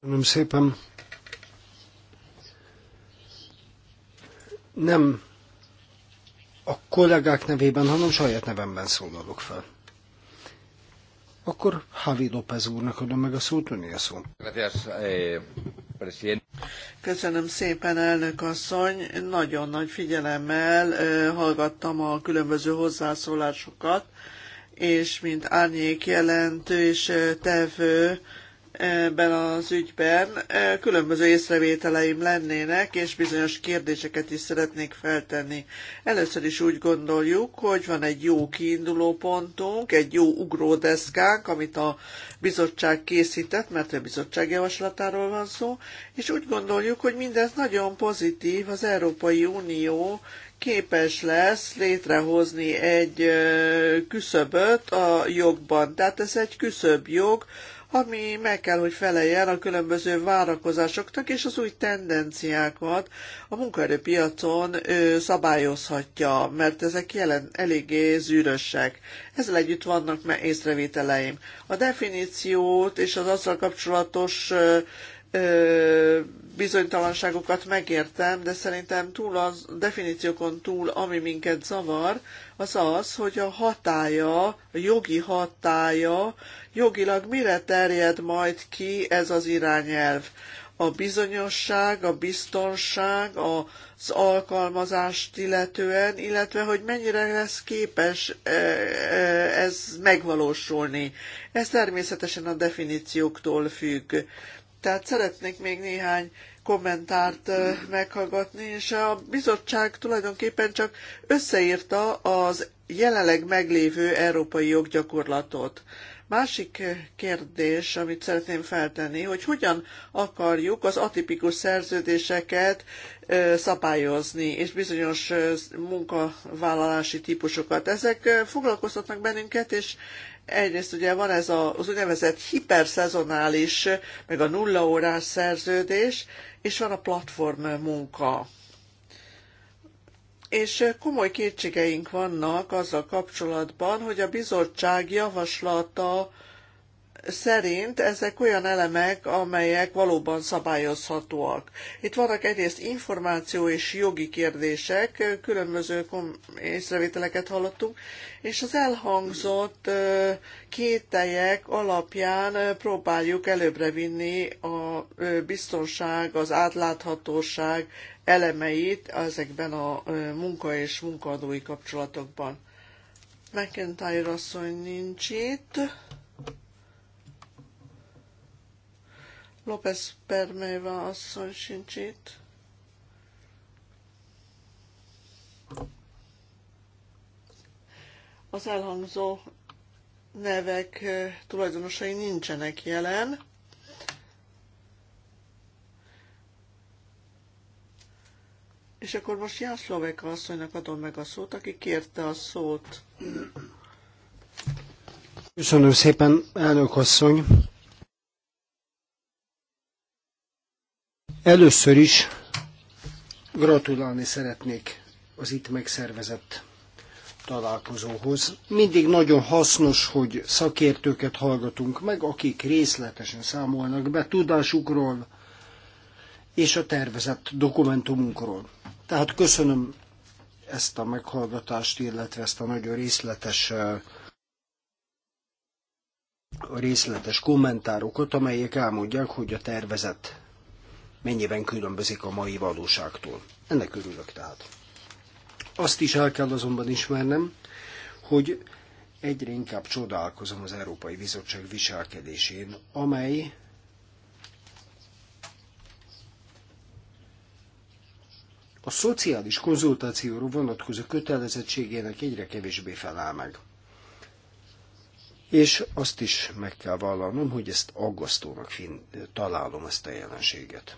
Köszönöm szépen. nem a kollégák nevében, hanem saját nevemben szólalok fel. Akkor Javi López úrnak adom meg a szót, öné a szó. Eh, Köszönöm szépen, elnök asszony. Nagyon nagy figyelemmel hallgattam a különböző hozzászólásokat, és mint árnyék jelentő és tevő, ebben az ügyben. E, különböző észrevételeim lennének, és bizonyos kérdéseket is szeretnék feltenni. Először is úgy gondoljuk, hogy van egy jó kiinduló pontunk, egy jó ugródeszkánk, amit a bizottság készített, mert a bizottság javaslatáról van szó, és úgy gondoljuk, hogy mindez nagyon pozitív az Európai Unió képes lesz létrehozni egy küszöböt a jogban. Tehát ez egy küszöb jog, ami meg kell, hogy feleljen a különböző várakozásoknak és az új tendenciákat a munkaerőpiacon szabályozhatja, mert ezek jelen eléggé zűrösek. Ezzel együtt vannak észrevételeim. A definíciót és az azzal kapcsolatos bizonytalanságokat megértem, de szerintem túl az definíciókon túl, ami minket zavar, az az, hogy a hatája, a jogi hatája jogilag mire terjed majd ki ez az irányelv? A bizonyosság, a biztonság, az alkalmazást illetően, illetve hogy mennyire lesz képes e, e, ez megvalósulni. Ez természetesen a definícióktól függ. Tehát szeretnék még néhány kommentárt e, meghallgatni, és a bizottság tulajdonképpen csak összeírta az jelenleg meglévő európai joggyakorlatot. Másik kérdés, amit szeretném feltenni, hogy hogyan akarjuk az atipikus szerződéseket szabályozni, és bizonyos munkavállalási típusokat. Ezek foglalkoztatnak bennünket, és egyrészt ugye van ez az úgynevezett hiperszezonális, meg a nullaórás szerződés, és van a platform munka és komoly kétségeink vannak azzal kapcsolatban, hogy a bizottság javaslata szerint ezek olyan elemek, amelyek valóban szabályozhatóak. Itt vannak egyrészt információ és jogi kérdések, különböző észrevételeket hallottunk, és az elhangzott kételjek alapján próbáljuk előbbre vinni a biztonság, az átláthatóság elemeit ezekben a munka és munkaadói kapcsolatokban. McIntyre asszony nincs itt. López Perméva asszony sincs itt. Az elhangzó nevek eh, tulajdonosai nincsenek jelen. És akkor most szlovéka asszonynak adom meg a szót, aki kérte a szót. Köszönöm szépen, elnök asszony. Először is gratulálni szeretnék az itt megszervezett találkozóhoz. Mindig nagyon hasznos, hogy szakértőket hallgatunk meg, akik részletesen számolnak be tudásukról és a tervezett dokumentumunkról. Tehát köszönöm ezt a meghallgatást, illetve ezt a nagyon részletes a részletes kommentárokat, amelyek elmondják, hogy a tervezett mennyiben különbözik a mai valóságtól. Ennek örülök tehát. Azt is el kell azonban ismernem, hogy egyre inkább csodálkozom az Európai Bizottság viselkedésén, amely a szociális konzultációról vonatkozó kötelezettségének egyre kevésbé felel meg. És azt is meg kell vallanom, hogy ezt aggasztónak találom ezt a jelenséget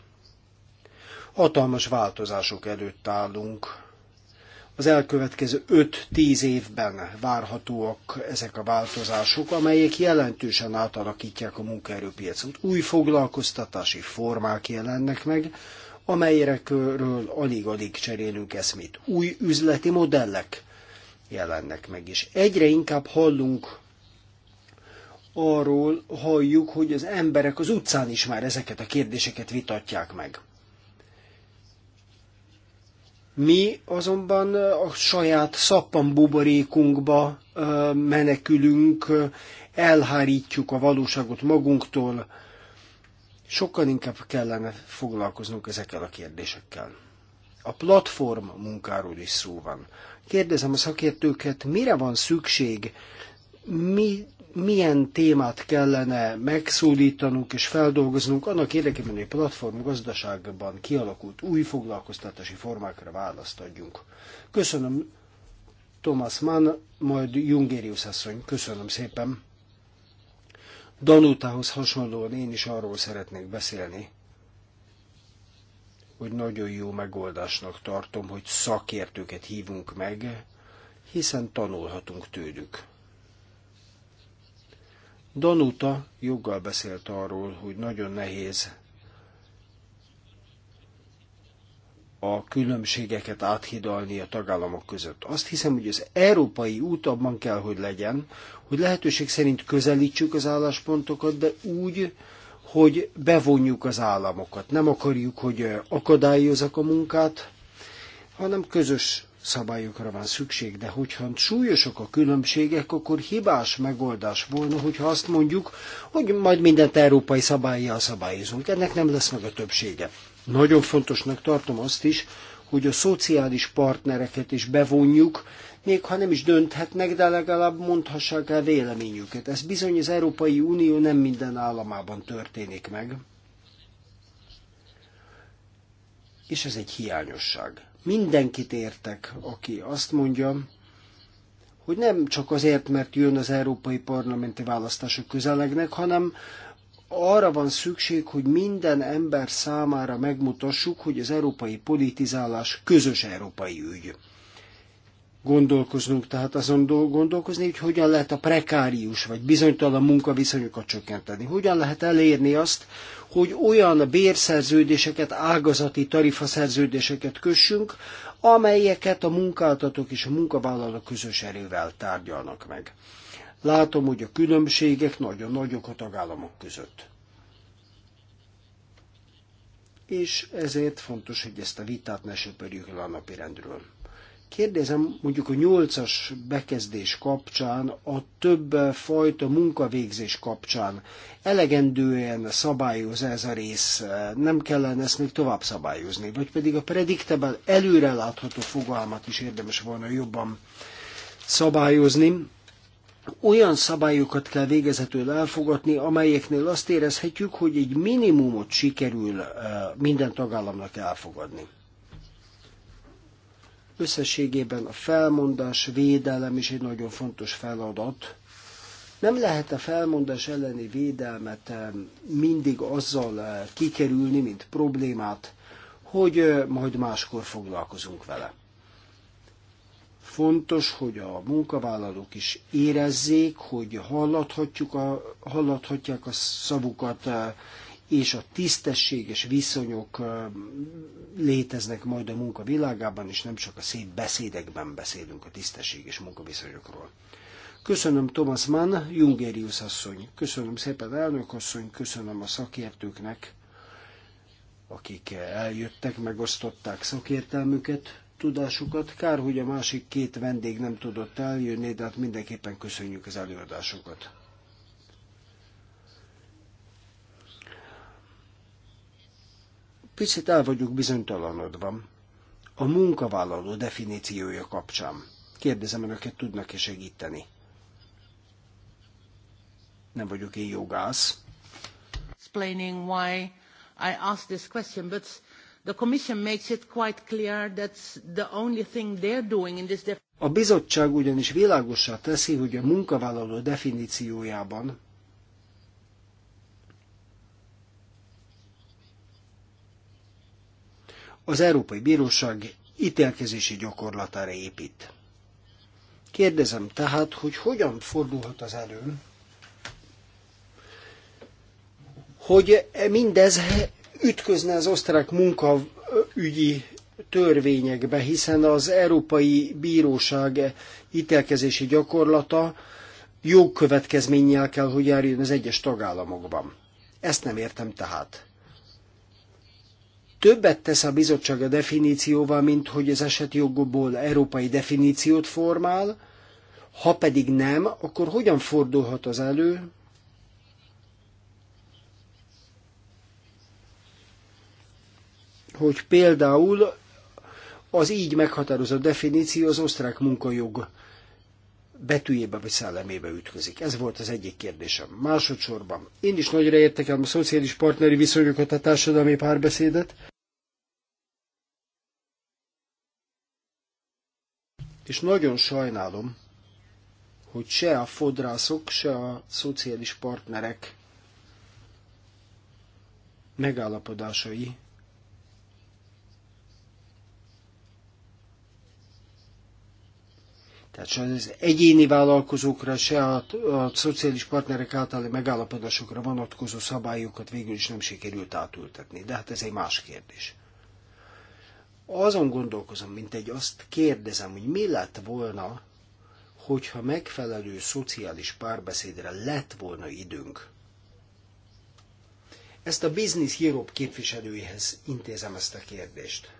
hatalmas változások előtt állunk. Az elkövetkező 5-10 évben várhatóak ezek a változások, amelyek jelentősen átalakítják a munkaerőpiacot. Új foglalkoztatási formák jelennek meg, amelyekről alig-alig cserélünk eszmét. Új üzleti modellek jelennek meg, és egyre inkább hallunk arról halljuk, hogy az emberek az utcán is már ezeket a kérdéseket vitatják meg. Mi azonban a saját szappanbuborékunkba menekülünk, elhárítjuk a valóságot magunktól. Sokkal inkább kellene foglalkoznunk ezekkel a kérdésekkel. A platform munkáról is szó van. Kérdezem a szakértőket, mire van szükség mi, milyen témát kellene megszólítanunk és feldolgoznunk annak érdekében, hogy a platform gazdaságban kialakult új foglalkoztatási formákra választ adjunk. Köszönöm Thomas Mann, majd Jungérius asszony. Köszönöm szépen. Danutához hasonlóan én is arról szeretnék beszélni, hogy nagyon jó megoldásnak tartom, hogy szakértőket hívunk meg, hiszen tanulhatunk tőlük. Danuta joggal beszélt arról, hogy nagyon nehéz a különbségeket áthidalni a tagállamok között. Azt hiszem, hogy az európai út abban kell, hogy legyen, hogy lehetőség szerint közelítsük az álláspontokat, de úgy, hogy bevonjuk az államokat. Nem akarjuk, hogy akadályozzak a munkát, hanem közös szabályokra van szükség, de hogyha súlyosak a különbségek, akkor hibás megoldás volna, hogyha azt mondjuk, hogy majd mindent európai szabályjal szabályozunk. Ennek nem lesz meg a többsége. Nagyon fontosnak tartom azt is, hogy a szociális partnereket is bevonjuk, még ha nem is dönthetnek, de legalább mondhassák el véleményüket. Ez bizony az Európai Unió nem minden államában történik meg. És ez egy hiányosság. Mindenkit értek, aki azt mondja, hogy nem csak azért, mert jön az európai parlamenti választások közelegnek, hanem arra van szükség, hogy minden ember számára megmutassuk, hogy az európai politizálás közös európai ügy gondolkoznunk, tehát azon gondolkozni, hogy hogyan lehet a prekárius vagy bizonytalan munkaviszonyokat csökkenteni. Hogyan lehet elérni azt, hogy olyan bérszerződéseket, ágazati tarifaszerződéseket kössünk, amelyeket a munkáltatók és a munkavállalók közös erővel tárgyalnak meg. Látom, hogy a különbségek nagyon nagyok a tagállamok között. És ezért fontos, hogy ezt a vitát ne söpörjük le a rendről. Kérdezem mondjuk a nyolcas bekezdés kapcsán, a több fajta munkavégzés kapcsán elegendően szabályoz ez a rész, nem kellene ezt még tovább szabályozni, vagy pedig a predictable előrelátható fogalmat is érdemes volna jobban szabályozni. Olyan szabályokat kell végezetül elfogadni, amelyeknél azt érezhetjük, hogy egy minimumot sikerül eh, minden tagállamnak elfogadni. Összességében a felmondás védelem is egy nagyon fontos feladat. Nem lehet a felmondás elleni védelmet eh, mindig azzal eh, kikerülni, mint problémát, hogy eh, majd máskor foglalkozunk vele. Fontos, hogy a munkavállalók is érezzék, hogy hallathatjuk a, hallathatják a szavukat, és a tisztességes viszonyok léteznek majd a munka világában, és nem csak a szép beszédekben beszélünk a tisztességes munkaviszonyokról. Köszönöm Thomas Mann, Jungerius asszony, köszönöm szépen elnök asszony, köszönöm a szakértőknek, akik eljöttek, megosztották szakértelmüket, tudásukat. Kár, hogy a másik két vendég nem tudott eljönni, de hát mindenképpen köszönjük az előadásokat. Picit el vagyok bizonytalanodva a munkavállaló definíciója kapcsán. Kérdezem önöket, tudnak-e segíteni? Nem vagyok én jogász. Explaining why I asked this question, but the Commission makes it quite clear that the only thing they're doing in this a bizottság ugyanis világossá teszi, hogy a munkavállaló definíciójában az Európai Bíróság ítélkezési gyakorlatára épít. Kérdezem tehát, hogy hogyan fordulhat az elő, hogy e mindez ütközne az osztrák munkaügyi törvényekbe, hiszen az Európai Bíróság ítélkezési gyakorlata jogkövetkezménnyel kell, hogy járjon az egyes tagállamokban. Ezt nem értem tehát többet tesz a bizottság a definícióval, mint hogy az esetjogból európai definíciót formál, ha pedig nem, akkor hogyan fordulhat az elő, hogy például az így meghatározott definíció az osztrák munkajog betűjébe vagy szellemébe ütközik. Ez volt az egyik kérdésem. Másodszorban én is nagyra értekelem a szociális partneri viszonyokat, a társadalmi párbeszédet. És nagyon sajnálom, hogy se a fodrászok, se a szociális partnerek megállapodásai Tehát se az egyéni vállalkozókra, se a, a szociális partnerek általi megállapodásokra vonatkozó szabályokat végül is nem sikerült átültetni. De hát ez egy más kérdés azon gondolkozom, mint egy azt kérdezem, hogy mi lett volna, hogyha megfelelő szociális párbeszédre lett volna időnk. Ezt a Business Europe képviselőihez intézem ezt a kérdést.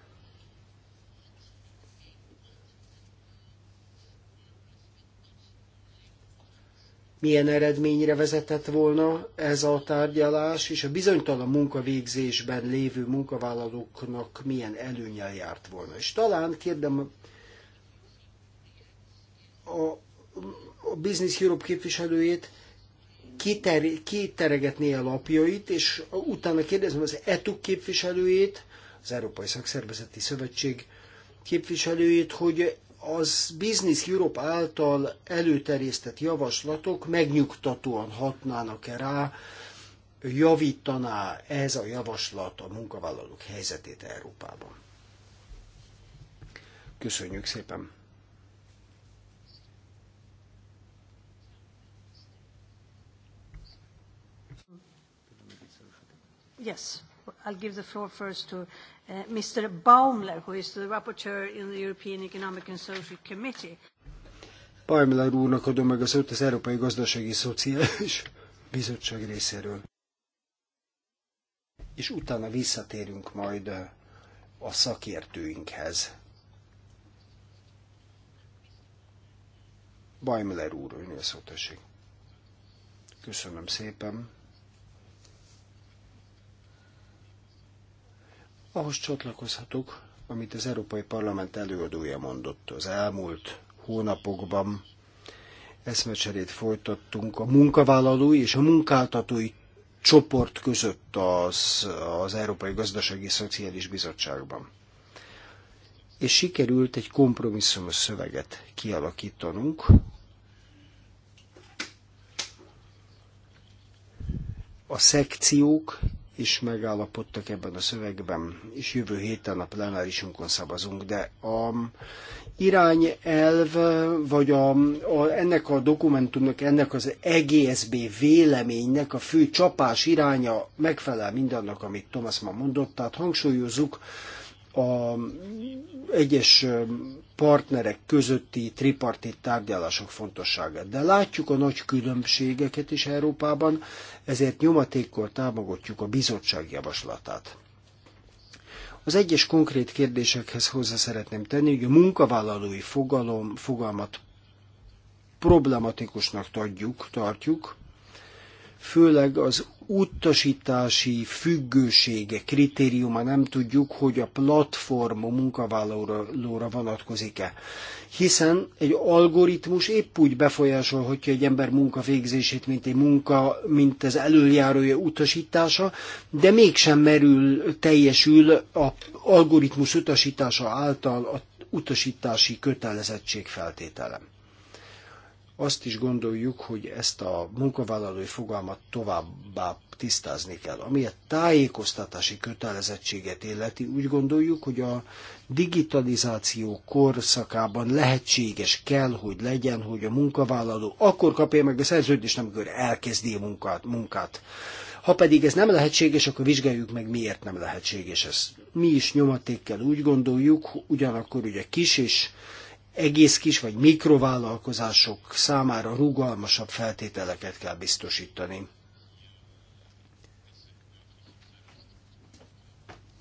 milyen eredményre vezetett volna ez a tárgyalás, és a bizonytalan munkavégzésben lévő munkavállalóknak milyen előnyel járt volna. És talán kérdem a, a Business Europe képviselőjét, kiteregetné a lapjait, és utána kérdezem az ETUK képviselőjét, az Európai Szakszervezeti Szövetség képviselőjét, hogy az Business Europe által előterjesztett javaslatok megnyugtatóan hatnának -e rá, javítaná ez a javaslat a munkavállalók helyzetét Európában. Köszönjük szépen! Yes, I'll give the floor first to Uh, Mr. Baumler, who is the rapporteur in the European Economic and Social Committee. Baumler úrnak adom meg a szót az Európai Gazdasági Szociális [laughs] Bizottság részéről. És utána visszatérünk majd uh, a szakértőinkhez. Baumler úr, önnél szó Köszönöm szépen. ahhoz csatlakozhatok, amit az Európai Parlament előadója mondott az elmúlt hónapokban. Eszmecserét folytattunk a munkavállalói és a munkáltatói csoport között az, az Európai Gazdasági Szociális Bizottságban. És sikerült egy kompromisszumos szöveget kialakítanunk, a szekciók is megállapodtak ebben a szövegben, és jövő héten a plenárisunkon szavazunk, de a irányelv, vagy a, a, ennek a dokumentumnak, ennek az EGSB véleménynek a fő csapás iránya megfelel mindannak, amit Thomas ma mondott, tehát hangsúlyozzuk a egyes partnerek közötti tripartit tárgyalások fontosságát. De látjuk a nagy különbségeket is Európában, ezért nyomatékkor támogatjuk a bizottság javaslatát. Az egyes konkrét kérdésekhez hozzá szeretném tenni, hogy a munkavállalói fogalom, fogalmat problematikusnak tartjuk, tartjuk, főleg az utasítási függősége kritériuma nem tudjuk, hogy a platform a munkavállalóra vonatkozik-e. Hiszen egy algoritmus épp úgy befolyásolhatja egy ember munkavégzését, mint egy munka, mint az előjárója utasítása, de mégsem merül, teljesül az algoritmus utasítása által a utasítási kötelezettség feltételem azt is gondoljuk, hogy ezt a munkavállalói fogalmat továbbá tisztázni kell. Ami a tájékoztatási kötelezettséget illeti, úgy gondoljuk, hogy a digitalizáció korszakában lehetséges kell, hogy legyen, hogy a munkavállaló akkor kapja meg a szerződést, amikor elkezdi a munkát. munkát. Ha pedig ez nem lehetséges, akkor vizsgáljuk meg, miért nem lehetséges ez. Mi is nyomatékkel úgy gondoljuk, ugyanakkor ugye kis és egész kis vagy mikrovállalkozások számára rugalmasabb feltételeket kell biztosítani.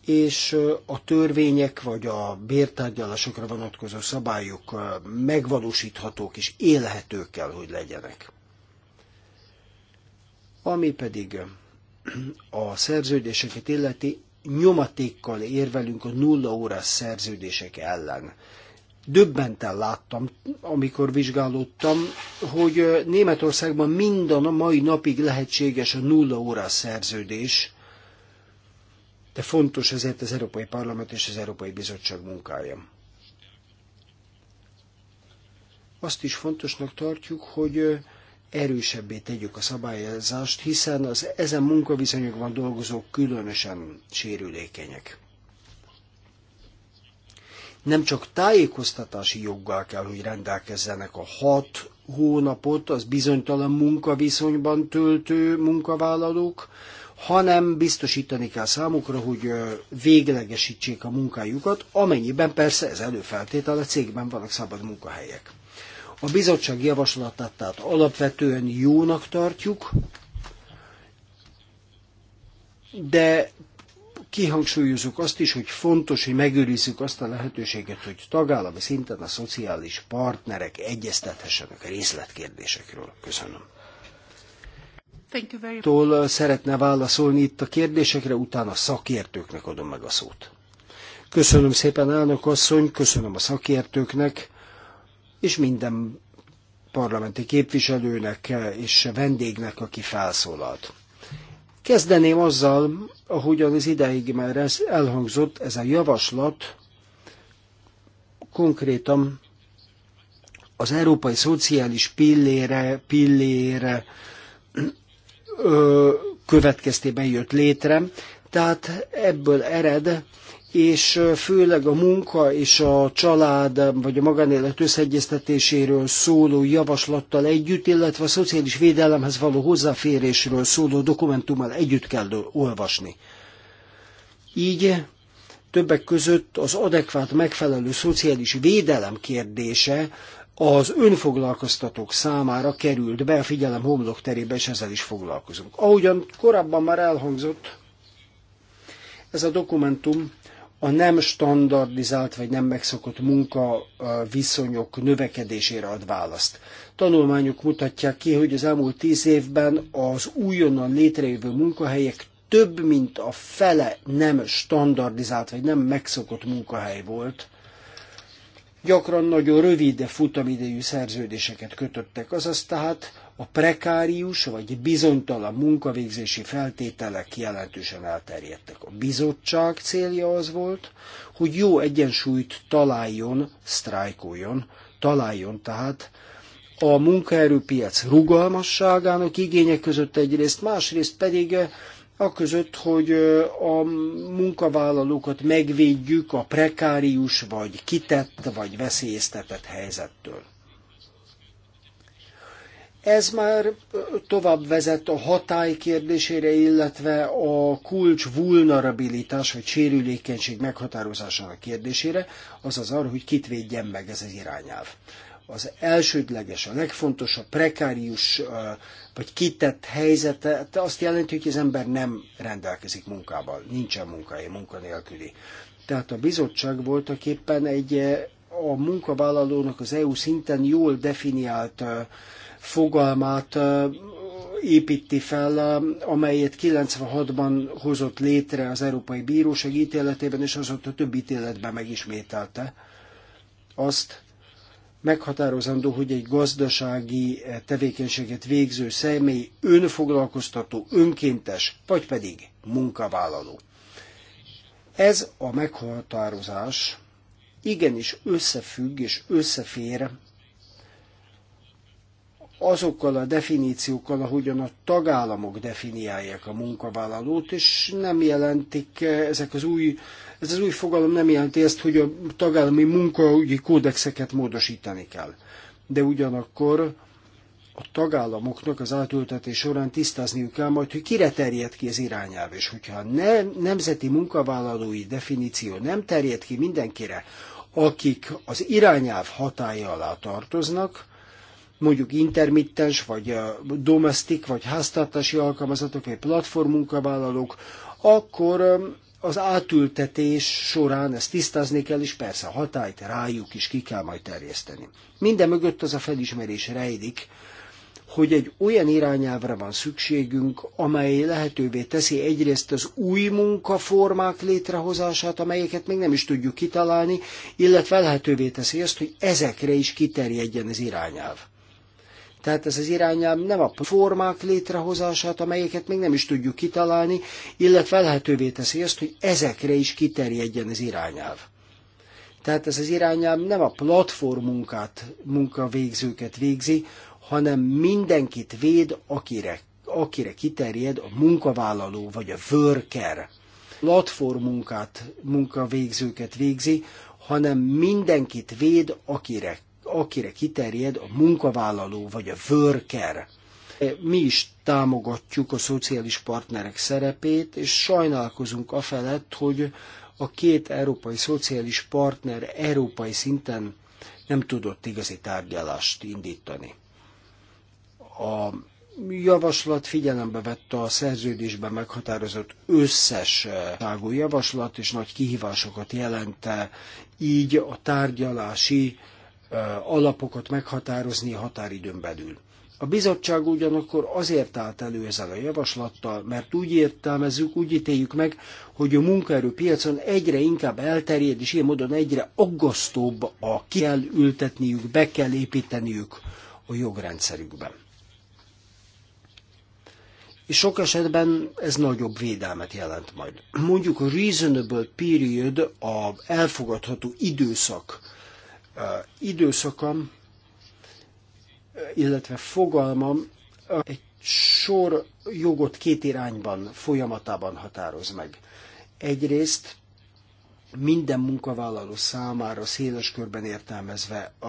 és a törvények vagy a bértárgyalásokra vonatkozó szabályok megvalósíthatók és élhetők kell, hogy legyenek. Ami pedig a szerződéseket illeti, nyomatékkal érvelünk a nulla órás szerződések ellen. Döbbenten láttam, amikor vizsgálódtam, hogy Németországban minden a mai napig lehetséges a nulla órás szerződés, de fontos ezért az Európai Parlament és az Európai Bizottság munkája. Azt is fontosnak tartjuk, hogy erősebbé tegyük a szabályozást, hiszen az ezen munkaviszonyokban dolgozók különösen sérülékenyek nem csak tájékoztatási joggal kell, hogy rendelkezzenek a hat hónapot az bizonytalan munkaviszonyban töltő munkavállalók, hanem biztosítani kell számukra, hogy véglegesítsék a munkájukat, amennyiben persze ez a cégben vannak szabad munkahelyek. A bizottság javaslatát tehát alapvetően jónak tartjuk, de kihangsúlyozunk azt is, hogy fontos, hogy megőrizzük azt a lehetőséget, hogy tagállami szinten a szociális partnerek egyeztethessenek a részletkérdésekről. Köszönöm. Tól szeretne válaszolni itt a kérdésekre, utána a szakértőknek adom meg a szót. Köszönöm szépen, elnök asszony, köszönöm a szakértőknek, és minden parlamenti képviselőnek és vendégnek, aki felszólalt. Kezdeném azzal, ahogyan az ideig már elhangzott, ez a javaslat konkrétan az európai szociális pillére, pillére ö, következtében jött létre, tehát ebből ered, és főleg a munka és a család vagy a magánélet összeegyeztetéséről szóló javaslattal együtt, illetve a szociális védelemhez való hozzáférésről szóló dokumentummal együtt kell olvasni. Így többek között az adekvát megfelelő szociális védelem kérdése az önfoglalkoztatók számára került be a figyelem homlok terébe, és ezzel is foglalkozunk. Ahogyan korábban már elhangzott, ez a dokumentum a nem standardizált vagy nem megszokott munka viszonyok növekedésére ad választ. Tanulmányok mutatják ki, hogy az elmúlt tíz évben az újonnan létrejövő munkahelyek több mint a fele nem standardizált vagy nem megszokott munkahely volt. Gyakran nagyon rövid de futamidejű szerződéseket kötöttek, azaz tehát a prekárius vagy bizonytalan munkavégzési feltételek jelentősen elterjedtek. A bizottság célja az volt, hogy jó egyensúlyt találjon, sztrájkoljon, találjon tehát a munkaerőpiac rugalmasságának igények között egyrészt, másrészt pedig eh, a között, hogy eh, a munkavállalókat megvédjük a prekárius, vagy kitett, vagy veszélyeztetett helyzettől. Ez már tovább vezet a hatály kérdésére, illetve a kulcs vulnerabilitás vagy sérülékenység meghatározásának kérdésére, azaz arra, hogy kit védjen meg ez az irányelv. Az elsődleges, a legfontosabb, prekárius vagy kitett helyzete hát azt jelenti, hogy az ember nem rendelkezik munkával, nincsen munkája, munkanélküli. Tehát a bizottság voltak éppen egy a munkavállalónak az EU szinten jól definiált uh, fogalmát építi fel, amelyet 96-ban hozott létre az Európai Bíróság ítéletében, és azóta több ítéletben megismételte. Azt meghatározandó, hogy egy gazdasági tevékenységet végző személy önfoglalkoztató, önkéntes, vagy pedig munkavállaló. Ez a meghatározás igenis összefügg és összefér azokkal a definíciókkal, ahogyan a tagállamok definiálják a munkavállalót, és nem jelentik ezek az új, ez az új fogalom nem jelenti ezt, hogy a tagállami munkaügyi kódexeket módosítani kell. De ugyanakkor a tagállamoknak az átültetés során tisztázniuk kell majd, hogy kire terjed ki az irányelv, és hogyha a ne, nemzeti munkavállalói definíció nem terjed ki mindenkire, akik az irányelv hatája alá tartoznak, mondjuk intermittens, vagy domestik, vagy háztartási alkalmazatok, vagy platformmunkavállalók, akkor az átültetés során ezt tisztázni kell, és persze a hatályt rájuk is ki kell majd terjeszteni. Minden mögött az a felismerés rejlik, hogy egy olyan irányávra van szükségünk, amely lehetővé teszi egyrészt az új munkaformák létrehozását, amelyeket még nem is tudjuk kitalálni, illetve lehetővé teszi azt, hogy ezekre is kiterjedjen az irányáv. Tehát ez az irányelv nem a formák létrehozását, amelyeket még nem is tudjuk kitalálni, illetve lehetővé teszi azt, hogy ezekre is kiterjedjen az irányelv. Tehát ez az irányelv nem a platform munkát, munkavégzőket végzi, hanem mindenkit véd, akire, akire kiterjed a munkavállaló vagy a worker. Platform munkát, munkavégzőket végzi, hanem mindenkit véd, akire akire kiterjed a munkavállaló vagy a worker. Mi is támogatjuk a szociális partnerek szerepét, és sajnálkozunk afelett, hogy a két európai szociális partner európai szinten nem tudott igazi tárgyalást indítani. A javaslat figyelembe vette a szerződésben meghatározott összes tágú javaslat, és nagy kihívásokat jelente, így a tárgyalási alapokat meghatározni a határidőn belül. A bizottság ugyanakkor azért állt elő ezzel a javaslattal, mert úgy értelmezzük, úgy ítéljük meg, hogy a munkaerőpiacon egyre inkább elterjed, és ilyen módon egyre aggasztóbb a ki kell ültetniük, be kell építeniük a jogrendszerükben. És sok esetben ez nagyobb védelmet jelent majd. Mondjuk a reasonable period, a elfogadható időszak időszakam, illetve fogalmam egy sor jogot két irányban folyamatában határoz meg. Egyrészt minden munkavállaló számára széles körben értelmezve a,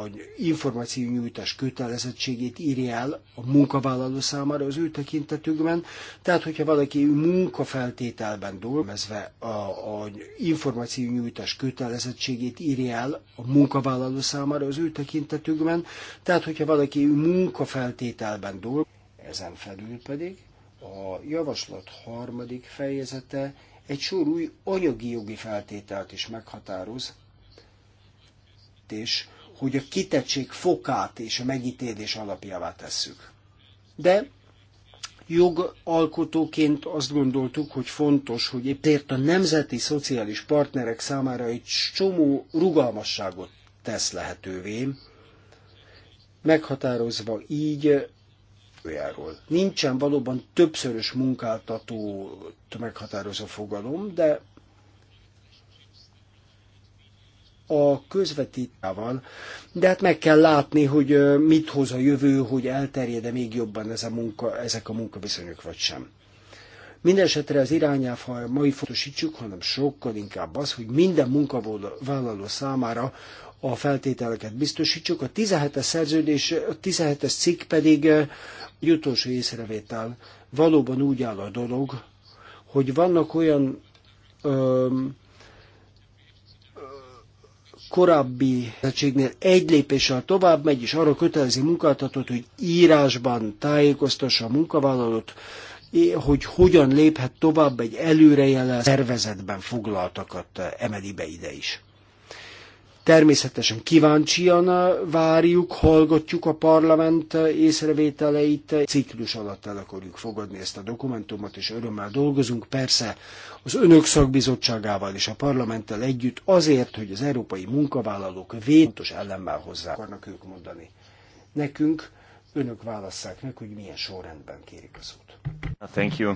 a nyújtás kötelezettségét írja el a munkavállaló számára az ő tekintetükben. Tehát, hogyha valaki munkafeltételben dolgozva a, a nyújtás kötelezettségét írja el a munkavállaló számára az ő tekintetükben. Tehát, hogyha valaki munkafeltételben dolgozik, ezen felül pedig a javaslat harmadik fejezete egy sor új anyagi jogi feltételt is meghatároz, és hogy a kitettség fokát és a megítélés alapjává tesszük. De jogalkotóként azt gondoltuk, hogy fontos, hogy ért a nemzeti szociális partnerek számára egy csomó rugalmasságot tesz lehetővé, meghatározva így munkájáról. Nincsen valóban többszörös munkáltató meghatározó fogalom, de a közvetítával, de hát meg kell látni, hogy mit hoz a jövő, hogy elterjed-e még jobban ez a munka, ezek a munkaviszonyok vagy sem. Mindenesetre az irányelv, ha mai fontosítsuk, hanem sokkal inkább az, hogy minden munkavállaló számára a feltételeket biztosítsuk. A 17-es szerződés, a 17-es cikk pedig egy utolsó észrevétel. Valóban úgy áll a dolog, hogy vannak olyan ö, korábbi egységnél egy lépéssel tovább megy, és arra kötelezi munkáltatót, hogy írásban tájékoztassa a munkavállalót, hogy hogyan léphet tovább egy előrejelzett szervezetben foglaltakat emeli be ide is. Természetesen kíváncsian eh, várjuk, hallgatjuk a parlament eh, észrevételeit. Ciklus alatt el akarjuk fogadni ezt a dokumentumot, és örömmel dolgozunk. Persze az önök szakbizottságával és a parlamenttel együtt azért, hogy az európai munkavállalók védtos ellenmel hozzá akarnak ők mondani. Nekünk önök válasszák meg, hogy milyen sorrendben kérik a szót. Thank you.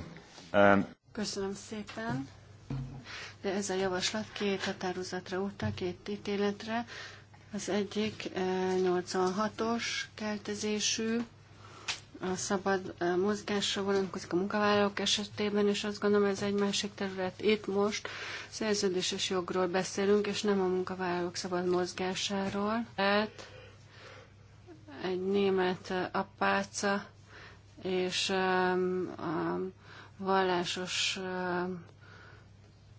Um... Köszönöm szépen de ez a javaslat két határozatra utal, két ítéletre. Az egyik 86-os eh, keltezésű, a szabad eh, mozgásra vonatkozik a munkavállalók esetében, és azt gondolom ez egy másik terület. Itt most szerződéses jogról beszélünk, és nem a munkavállalók szabad mozgásáról. Hát egy német eh, apáca és um, a vallásos um,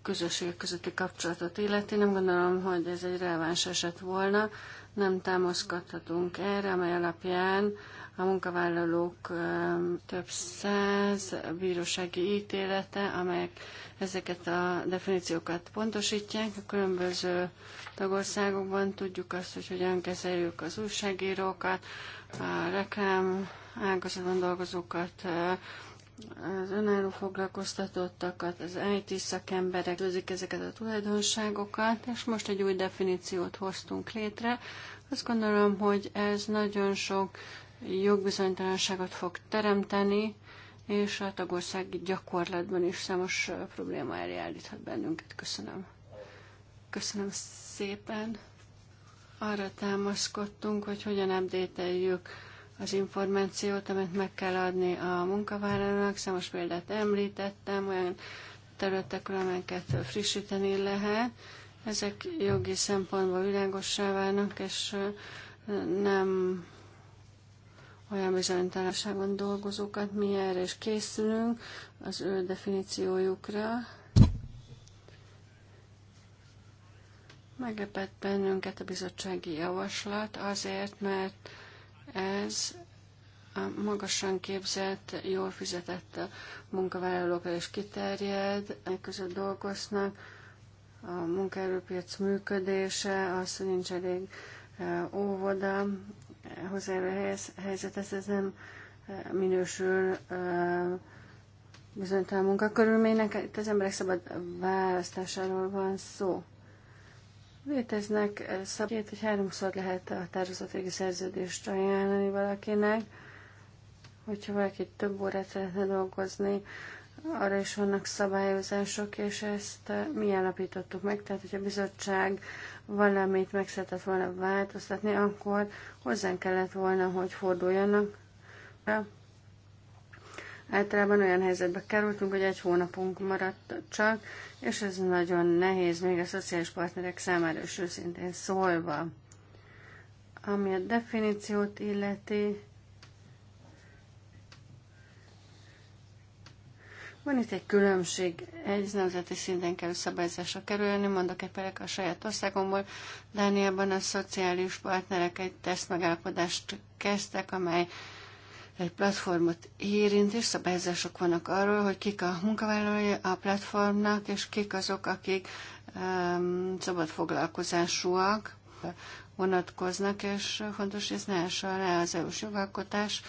közösségek közötti kapcsolatot illeti. Nem gondolom, hogy ez egy releváns eset volna. Nem támaszkodhatunk erre, amely alapján a munkavállalók több száz bírósági ítélete, amelyek ezeket a definíciókat pontosítják. A különböző tagországokban tudjuk azt, hogy hogyan kezeljük az újságírókat, a reklám ágazatban dolgozókat, az önálló foglalkoztatottakat, az IT szakemberek tőzik ezeket a tulajdonságokat, és most egy új definíciót hoztunk létre. Azt gondolom, hogy ez nagyon sok jogbizonytalanságot fog teremteni, és a tagországi gyakorlatban is számos probléma elé állíthat bennünket. Köszönöm. Köszönöm szépen. Arra támaszkodtunk, hogy hogyan update az információt, amit meg kell adni a munkavállalónak. Számos példát említettem, olyan területekről, amelyeket frissíteni lehet. Ezek jogi szempontból világossá válnak, és nem olyan bizonytalanságon dolgozókat, mi erre is készülünk az ő definíciójukra. Meglepett bennünket a bizottsági javaslat azért, mert ez a magasan képzett, jól fizetett munkavállalókra is kiterjed, e között dolgoznak, a munkaerőpiac működése, az, hogy nincs elég e, óvoda, hozzájárul a helyzethez, ez nem e, minősül bizonytalan munkakörülménynek. Itt az emberek szabad választásáról van szó. Léteznek eh, szabályok, hogy háromszor lehet a határozatvégi szerződést ajánlani valakinek, hogyha valaki több órát szeretne dolgozni, arra is vannak szabályozások, és ezt eh, mi állapítottuk meg, tehát hogyha a bizottság valamit meg szeretett volna változtatni, akkor hozzánk kellett volna, hogy forduljanak. Általában olyan helyzetbe kerültünk, hogy egy hónapunk maradt csak, és ez nagyon nehéz még a szociális partnerek számára is őszintén szólva. Ami a definíciót illeti, Van itt egy különbség, egy nemzeti szinten kell szabályzásra kerülni, mondok egy például a saját országomból. Dániában a szociális partnerek egy tesztmegállapodást kezdtek, amely egy platformot érint, és szabályozások vannak arról, hogy kik a munkavállalói a platformnak, és kik azok, akik um, szabad foglalkozásúak vonatkoznak, és fontos, hogy ez ne ássa le az EU-s jogalkotást,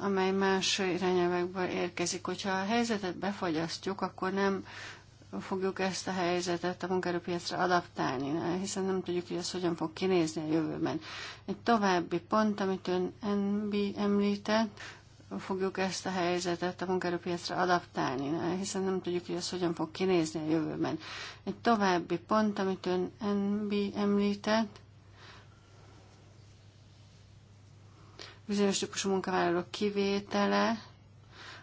amely más irányelvekből érkezik. Hogyha a helyzetet befagyasztjuk, akkor nem fogjuk ezt a helyzetet a munkerőpiacra adaptálni, hiszen nem tudjuk, hogy ez hogyan fog kinézni a jövőben. Egy további pont, amit ön említett, fogjuk ezt a helyzetet a munkerőpiacra adaptálni, hiszen nem tudjuk, hogy ez hogyan fog kinézni a jövőben. Egy további pont, amit ön NB említett, bizonyos típusú munkavállalók kivétele,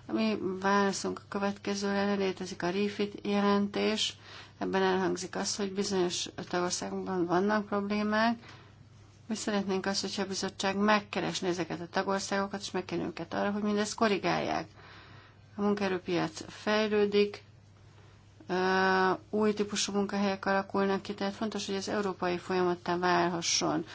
ami mi válaszunk a következőre, létezik a RIFIT jelentés, ebben elhangzik az, hogy bizonyos tagországokban vannak problémák, mi szeretnénk azt, hogyha a bizottság megkeresne ezeket a tagországokat, és megkérni őket arra, hogy mindezt korrigálják. A munkaerőpiac fejlődik, új típusú munkahelyek alakulnak ki, tehát fontos, hogy az európai folyamattá válhasson.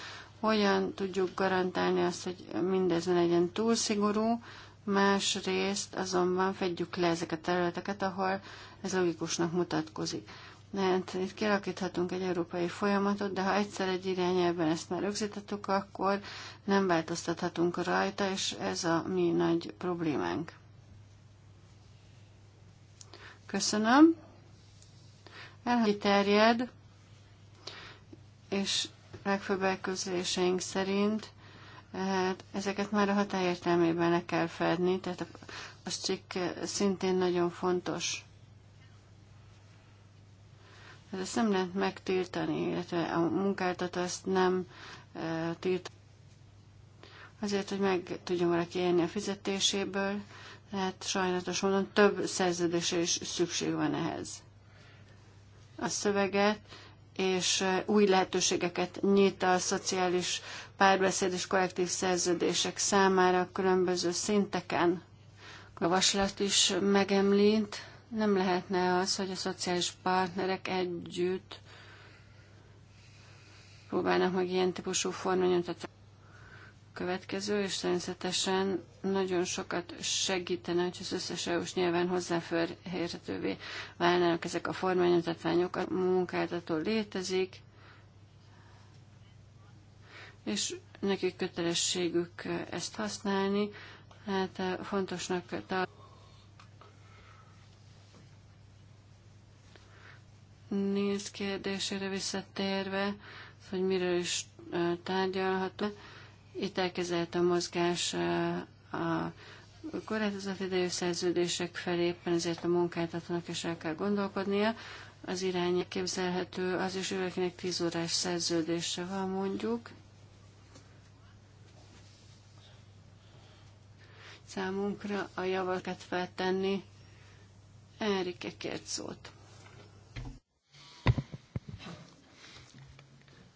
Hogyan tudjuk garantálni azt, hogy mindez ne legyen túl szigorú, másrészt azonban fedjük le ezeket a területeket, ahol ez logikusnak mutatkozik. Mert hát itt kialakíthatunk egy európai folyamatot, de ha egyszer egy irányelben ezt már rögzítettük, akkor nem változtathatunk rajta, és ez a mi nagy problémánk. Köszönöm. Elhagy terjed, és legfőbb elközléseink szerint Hát, ezeket már a határértelmében le kell fedni, tehát a cikk szintén nagyon fontos. ez hát ezt nem lehet megtiltani, illetve a munkáltat azt nem e, tilt. Azért, hogy meg tudjon valaki élni a fizetéséből, hát sajnálatos módon több szerződésre is szükség van ehhez. A szöveget és új lehetőségeket nyit a szociális párbeszéd és kollektív szerződések számára a különböző szinteken. A javaslat is megemlít, nem lehetne az, hogy a szociális partnerek együtt próbálnak meg ilyen típusú tehát következő, és természetesen nagyon sokat segítene, hogy az összes EU-s nyelven hozzáférhetővé válnának ezek a formányozatványok. A munkáltató létezik, és nekik kötelességük ezt használni. Hát eh, fontosnak tart. Néz kérdésére visszatérve, hogy miről is eh, tárgyalhatunk? Itt elkezdett a mozgás a korlátozott idejű szerződések felé, éppen ezért a munkáltatónak is el kell gondolkodnia. Az irány képzelhető az is, hogy akinek 10 órás szerződése van mondjuk. Számunkra a javakat feltenni. Enrique kért szót.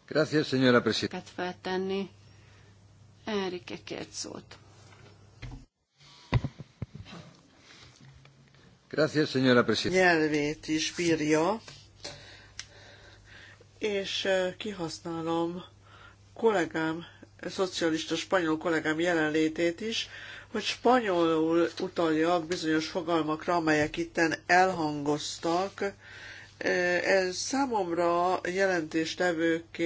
Gracias, señora presidenta. Enrique kért szót. Gracias, señora presidenta. Nyelvét is bírja, és eh, kihasználom kollégám, szocialista spanyol kollégám jelenlétét is, hogy spanyolul utaljak bizonyos fogalmakra, amelyek itten elhangoztak. Eh, ez számomra jelentéstevőként